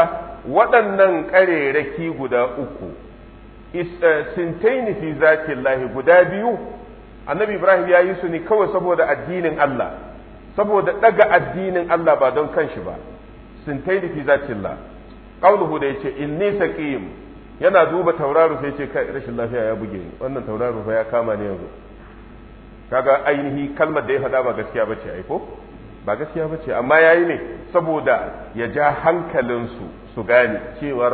waɗannan ƙarerraki guda uku eh, sintaini fi lahi guda biyu annabi ibrahim ya yi su ne kawai saboda addinin Allah saboda ɗaga addinin Allah ba don kanshi ba sintaini fi zatin lahi ƙaunuhu da ya ce ni saqim yana duba tauraro sai ce kai rashin lafiya ya buge ni wannan tauraro fa ya kama ni yanzu kaga ainihi kalmar da ya faɗa ba gaskiya bace ai ko ba gaskiya bace amma yayi ne saboda ya ja hankalin su su gane cewar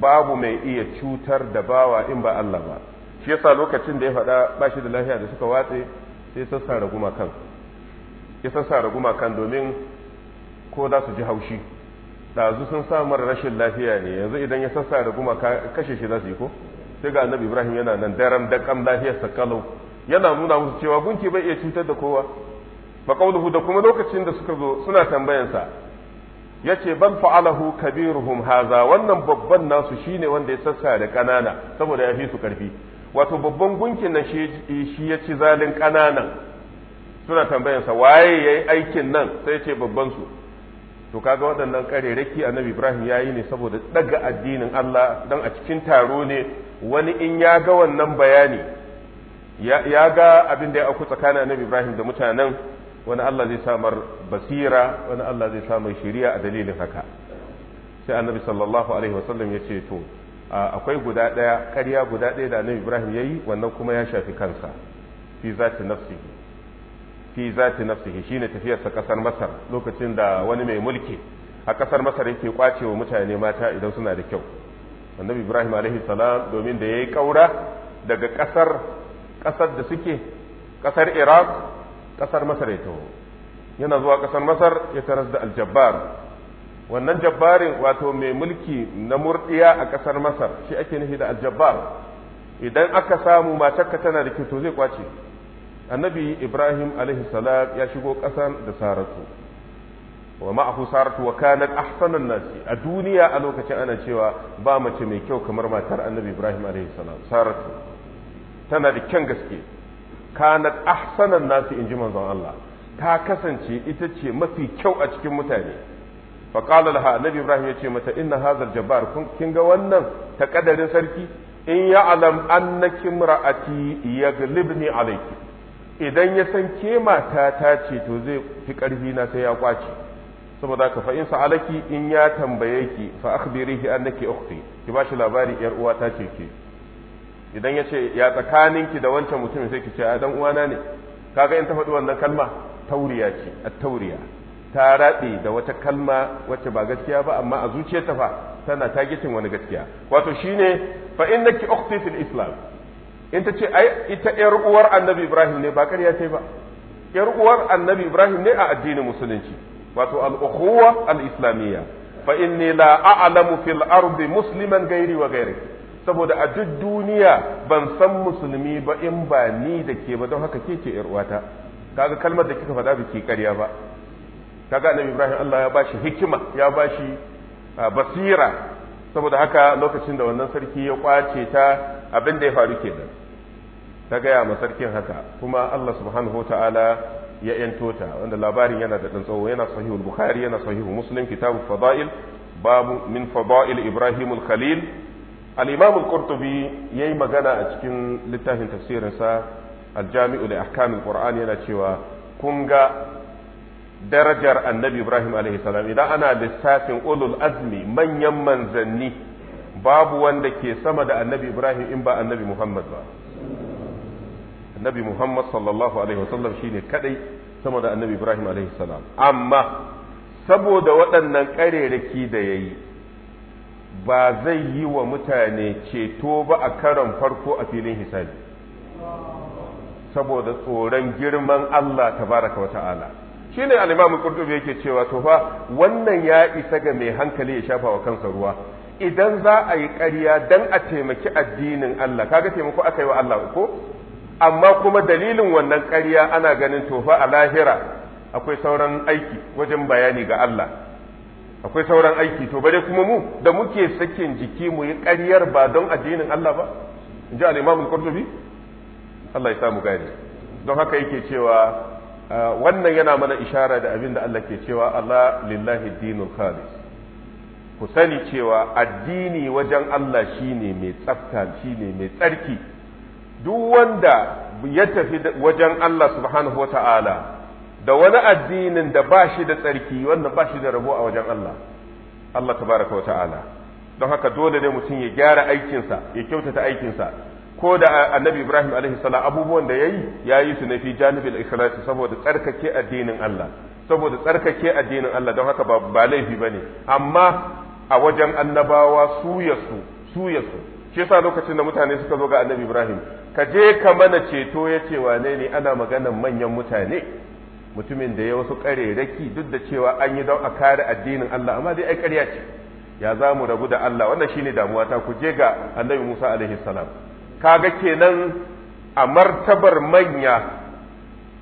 babu mai iya cutar da bawa in ba Allah ba shi yasa lokacin da ya faɗa ba shi da lafiya da suka watse sai sassara gumakan ya raguma kan domin ko za su ji haushi ɗazu sun sa mara rashin lafiya ne yanzu idan ya sassa da kuma kashe shi za su yi ko sai ga annabi ibrahim yana nan daram lafiyar sa kalau yana nuna musu cewa gunki bai iya cutar da kowa fa qawluhu da kuma lokacin da suka zo suna tambayansa yace bal fa'alahu kabiruhum haza wannan babban nasu shine wanda ya sassa da kanana saboda ya fi su karfi wato babban gunkin na shi shi ya ci zalin kananan suna tambayansa waye yayi aikin nan sai ce babban su to kaga waɗannan ƙarerake annabi ibrahim ya yi ne saboda ɗaga addinin allah don a cikin taro ne wani in ya ga wannan bayani ya ga abin da ya auku tsakanin annabi ibrahim da mutanen wani allah zai samar basira wani allah zai samar shiriya a dalilin haka sai annabi sallallahu alaihi wasallam ya ce to akwai guda ɗaya ƙarya guda ɗaya da annabi ibrahim ya yi wannan kuma ya shafi kansa fi zati nafsihi fi zati nafsihi shine tafiyarsa kasar masar lokacin da wani mai mulki a kasar masar yake kwace wa mutane mata idan suna da kyau annabi ibrahim alaihi salam domin da yayi kaura daga kasar kasar da suke kasar iraq kasar masar ya taho yana zuwa kasar masar ya taras da aljabbar wannan jabbarin wato mai mulki na murdiya a kasar masar shi ake nufi da aljabbar idan aka samu matarka tana da kyau to zai kwace annabi ibrahim alaihi salam ya shigo ƙasan da saratu wa ma'ahu saratu wa kanat ahsanan nasi a duniya a lokacin ana cewa ba mace mai kyau kamar matar annabi ibrahim alaihi salam saratu tana da kyan gaske kana ahsanan nasi inji manzon Allah ta kasance ita ce mafi kyau a cikin mutane fa qala laha annabi ibrahim ya ce mata inna hazal jabbar kin ga wannan ta kadarin sarki in ya'lam annaki imra'ati yaglibni alayki idan ya san ke mata ta ce to zai fi ƙarfi na sai ya kwace saboda ka fa'in sa'alaki in ya tambaye ki fa akhbirihi annaki ukhti ki bashi labari yar uwa ta ce ke idan ya ce ya tsakaninki da wancan mutumin sai ki ce a dan uwana ne kaga in ta faɗi wannan kalma tauriya ce at-tauriya ta raɗe da wata kalma wacce ba gaskiya ba amma a zuciyarta fa tana tagitin wani gaskiya wato shine fa innaki ukhti fil islam in ta ce ai ita yar uwar annabi ibrahim ne ba ƙarya ce ba yar uwar annabi ibrahim ne a addinin musulunci wato al-ukhuwa al-islamiyya fa inni la a'lamu fil ardi musliman gairi wa gairi saboda a duk duniya ban san musulmi ba in ba ni da ke ba don haka ke ce yar uwata kaga kalmar da kika faɗa biki ƙarya ba kaga annabi ibrahim Allah ya bashi hikima ya bashi ah, basira saboda haka lokacin da wannan sarki ya kwace ta abin da ya faru kenan ta gaya ma sarkin haka kuma Allah subhanahu wa ta'ala ya yanto ta wanda labarin yana da ɗan tsawo yana sahihu bukhari yana sahihu muslim kitabu fada'il babu min fada'il ibrahim al-khalil al-imam al-qurtubi yayi magana a cikin littafin tafsirin sa al-jami'u li ahkam quran yana cewa kun ga darajar annabi ibrahim alaihi salam idan ana lissafin ulul azmi manyan manzanni babu wanda ke sama da annabi ibrahim in ba annabi muhammad ba annabi muhammad sallallahu alaihi wasallam shine kadai sama da annabi ibrahim alaihi salam amma saboda waɗannan ƙarerake da ya yi ba zai yi wa mutane ceto ba a karon farko a filin hisabi saboda tsoron girman Allah tabaraka wa ta'ala shi ne alimamin ƙurtubi yake cewa to fa wannan ya isa ga mai hankali ya shafa wa kansa ruwa idan za a yi ƙarya don a taimaki addinin Allah kaga taimako aka yi wa Allah ko amma kuma dalilin wannan ƙarya ana ganin tofa a lahira akwai sauran aiki wajen bayani ga Allah akwai sauran aiki to bare kuma mu da muke sakin jiki mu yi ƙaryar ba don addinin Allah ba in ji al-Imam al-Qurtubi Allah ya samu gani don haka yake cewa ah, wannan yana mana ishara da abin da Allah ke cewa Allah lillahi dinul khalis ku sani cewa addini wajen Allah shine mai tsafta shine mai tsarki duk wanda ya tafi wajen Allah subhanahu wa ta'ala da wani addinin da ba shi da tsarki wannan ba shi da rabo a wajen Allah Allah tabaraka wa ta'ala don haka dole ne mutum ya gyara aikinsa ya kyautata aikinsa ko da annabi Ibrahim alaihi salam abubuwan da yayi yayi su na fi janibil ikhlas saboda tsarkake addinin Allah saboda tsarkake addinin Allah don haka ba laifi ba ne. amma a wajen annabawa su yasu su shi yasa lokacin da mutane suka zo ga annabi ibrahim ka je ka mana ceto ya ce wane ne ana maganan manyan mutane mutumin da ya wasu raki duk da cewa an yi don a kare addinin allah amma dai ai ƙarya ce ya za mu rabu da allah wannan shine damuwa ta ku je ga annabi musa alaihi salam kaga kenan a martabar manya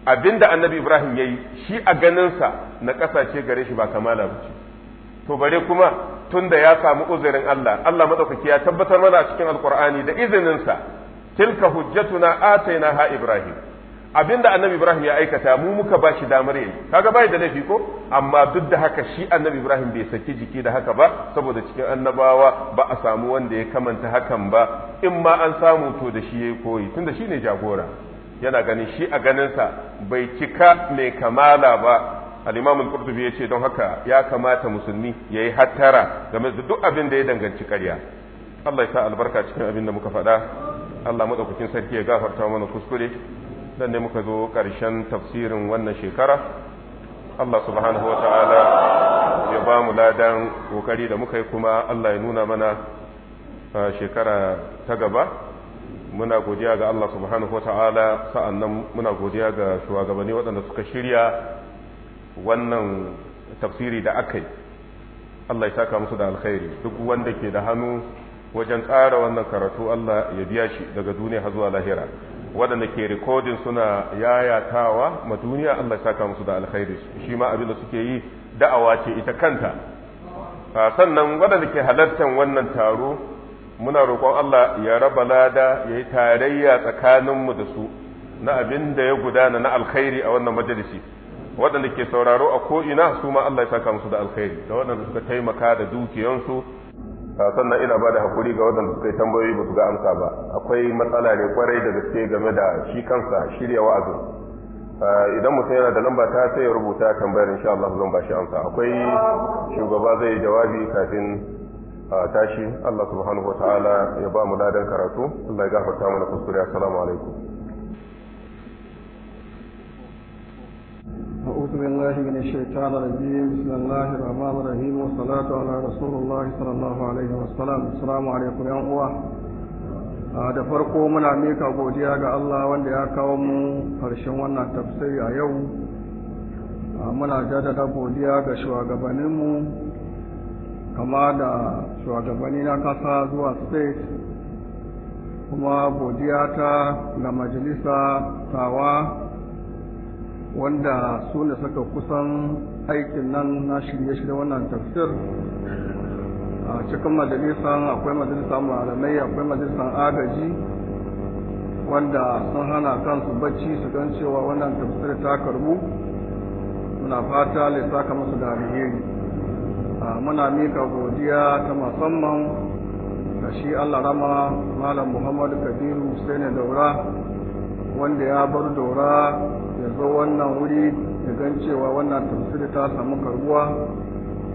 abinda annabi ibrahim ya yi shi a ganinsa na ƙasashe gare shi ba kamala ba ce to bare kuma tunda ya samu uzurin Allah Allah madaukaki ya tabbatar mana cikin alqur'ani da izininsa tilka hujjatuna ha ibrahim abinda annabi ibrahim ya aikata mu muka ba shi damar yayi kaga bai da laifi ko amma duk da haka shi annabi ibrahim bai saki jiki da haka ba saboda cikin annabawa ba a samu wanda ya kamanta hakan ba in ma an samu to da shi yayi koyi tunda shine jagora yana ganin shi a ganin sa bai cika mai kamala ba al-imam ya ce don haka ya kamata musulmi yayi hattara game da duk abin da ya danganci ƙarya Allah ya sa albarka cikin abin da muka faɗa Allah madaukakin sarki ya gafarta mana kuskure dan ne muka zo ƙarshen tafsirin wannan shekara Allah subhanahu wa ta'ala ya ba mu ladan kokari da muka yi kuma Allah ya nuna mana uh, shekara ta gaba muna godiya ga Allah subhanahu wa ta'ala sa'an muna godiya ga shugabanni waɗanda suka shirya wannan tafsiri da aka yi Allah ya saka musu da alkhairi duk wanda ke da hannu wajen tsara wannan karatu Allah ya biya shi daga duniya zuwa lahira waɗanda ke rikodin suna yayatawa ma duniya Allah ya saka musu da alkhairi shi ma abin da suke yi da'awa ce ita kanta sannan waɗanda ke halartar wannan taro muna roƙon Allah ya raba lada ya yi tarayya tsakaninmu da su na abin da ya gudana na alkhairi a wannan majalisi waɗanda ke sauraro a ko'ina su ma Allah ya saka musu da alkhairi da waɗanda suka taimaka da dukiyansu sannan ina ba da haƙuri ga waɗanda suka yi tambayoyi ba su ga amsa ba akwai matsala ne kwarai da gaske game da shi kansa shirya wa'azin idan mutum yana da lamba ta sai ya rubuta tambayar insha Allah zan ba shi amsa akwai shugaba zai jawabi kafin tashi Allah subhanahu wa ta'ala ya ba mu ladan karatu Allah ya gafarta mana kuskure assalamu alaikum أعوذ بالله من الشيطان الرجيم بسم الله الرحمن الرحيم والصلاة على رسول الله صلى الله عليه وسلم السلام عليكم يا أخوة da farko muna mika godiya ga Allah wanda ya kawo mu karshen wannan tafsiri a yau ah, muna jaddada godiya ga shugabanninmu kama da shugabanni na kasa zuwa state kuma godiya ta ga majalisa tawa wanda su ne suka kusan aikin nan na shirye-shirye wannan tafsir a cikin majalisan akwai majalisan malamai akwai majalisan agaji wanda sun hana kansu bacci su gan cewa wannan tafsir ta karbu muna fata lai saka musu da alheri muna mika godiya ta musamman ga shi allah rama malam muhammadu kabiru sai ne daura wanda ya bar dora ya zo wannan wuri ya gan cewa wannan tafsir ta samu karbuwa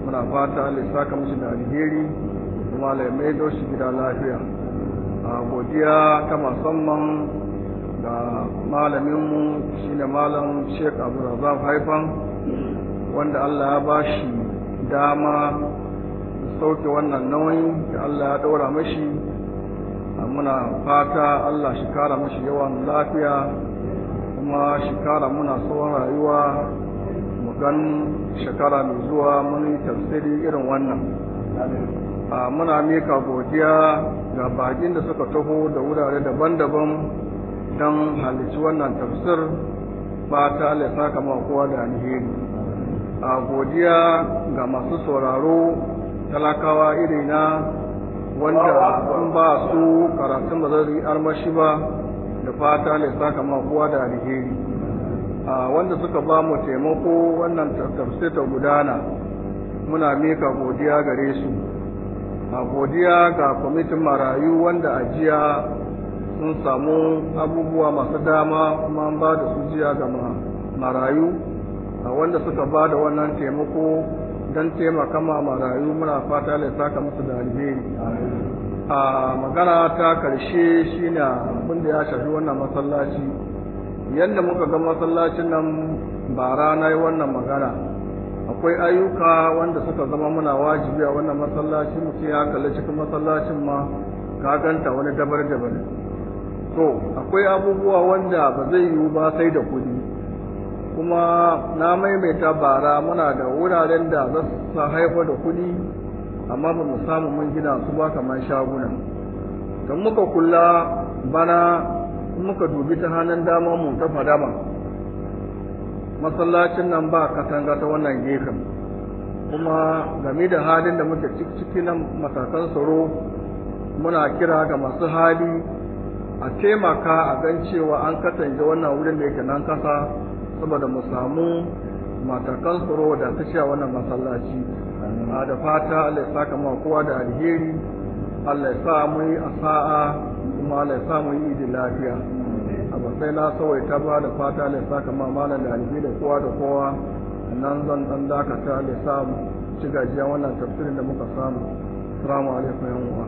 muna fata lissa ka mishi da alheri kuma Allah ya shi gida lafiya a godiya ta musamman ga malaminmu shi ne malam Sheikh razaf Haifan wanda Allah ya bashi dama sauke wannan nauyi da Allah ya daura mashi muna fata Allah shi kara mashi yawan lafiya kuma shi kara muna tsawon rayuwa mu gan shekara mai zuwa mun yi tafsiri irin wannan muna mika godiya ga bakin da suka taho da wurare daban-daban don halicci wannan tafsir ba ta lissa kama kowa da alheri a godiya ga masu sauraro talakawa irina wanda sun ba su karatun ba zai armashi ba da fata ne saka da alheri wanda suka ba mu taimako wannan tafsir ta gudana muna mika godiya gare su a godiya ga kwamitin marayu wanda ajiya sun samu abubuwa masu dama kuma an ba da su jiya ga marayu A wanda suka ba da wannan taimako don taimaka ma marayu muna fata da saka musu da alheri a magana ta karshe shine abin da ya shafi wannan masallaci yadda muka ga masallacin nan bara na yi wannan magana akwai ayyuka wanda suka zama muna wajibi a wannan masallaci mutum ya kalli cikin masallacin ma ka ganta wani dabar dabar to akwai abubuwa wanda ba zai yiwu ba sai da kuɗi kuma na maimaita bara muna da wuraren da za su haifar da kuɗi amma ba mu samu mun gina su ba kamar shaguna don muka kula bana muka dubi ta hannun dama mu ta fadama masallacin nan ba katanga ta wannan gefen kuma game da halin da muke ciki nan matakan tsaro muna kira ga masu hali a taimaka a gan cewa an katange wannan wurin da yake nan kasa saboda mu samu matakan tsaro da ta a wannan masallaci a da fata Allah ya saka ma kowa da alheri Allah ya sa mu yi asa'a kuma Allah ya sa mu yi idin lafiya a sai na ta ba da fata Allah ya saka ma malam da alheri da kowa da kowa nan zan dan dakata Allah ya sa mu ci gajiya wannan tafsirin da muka samu assalamu alaikum yan uwa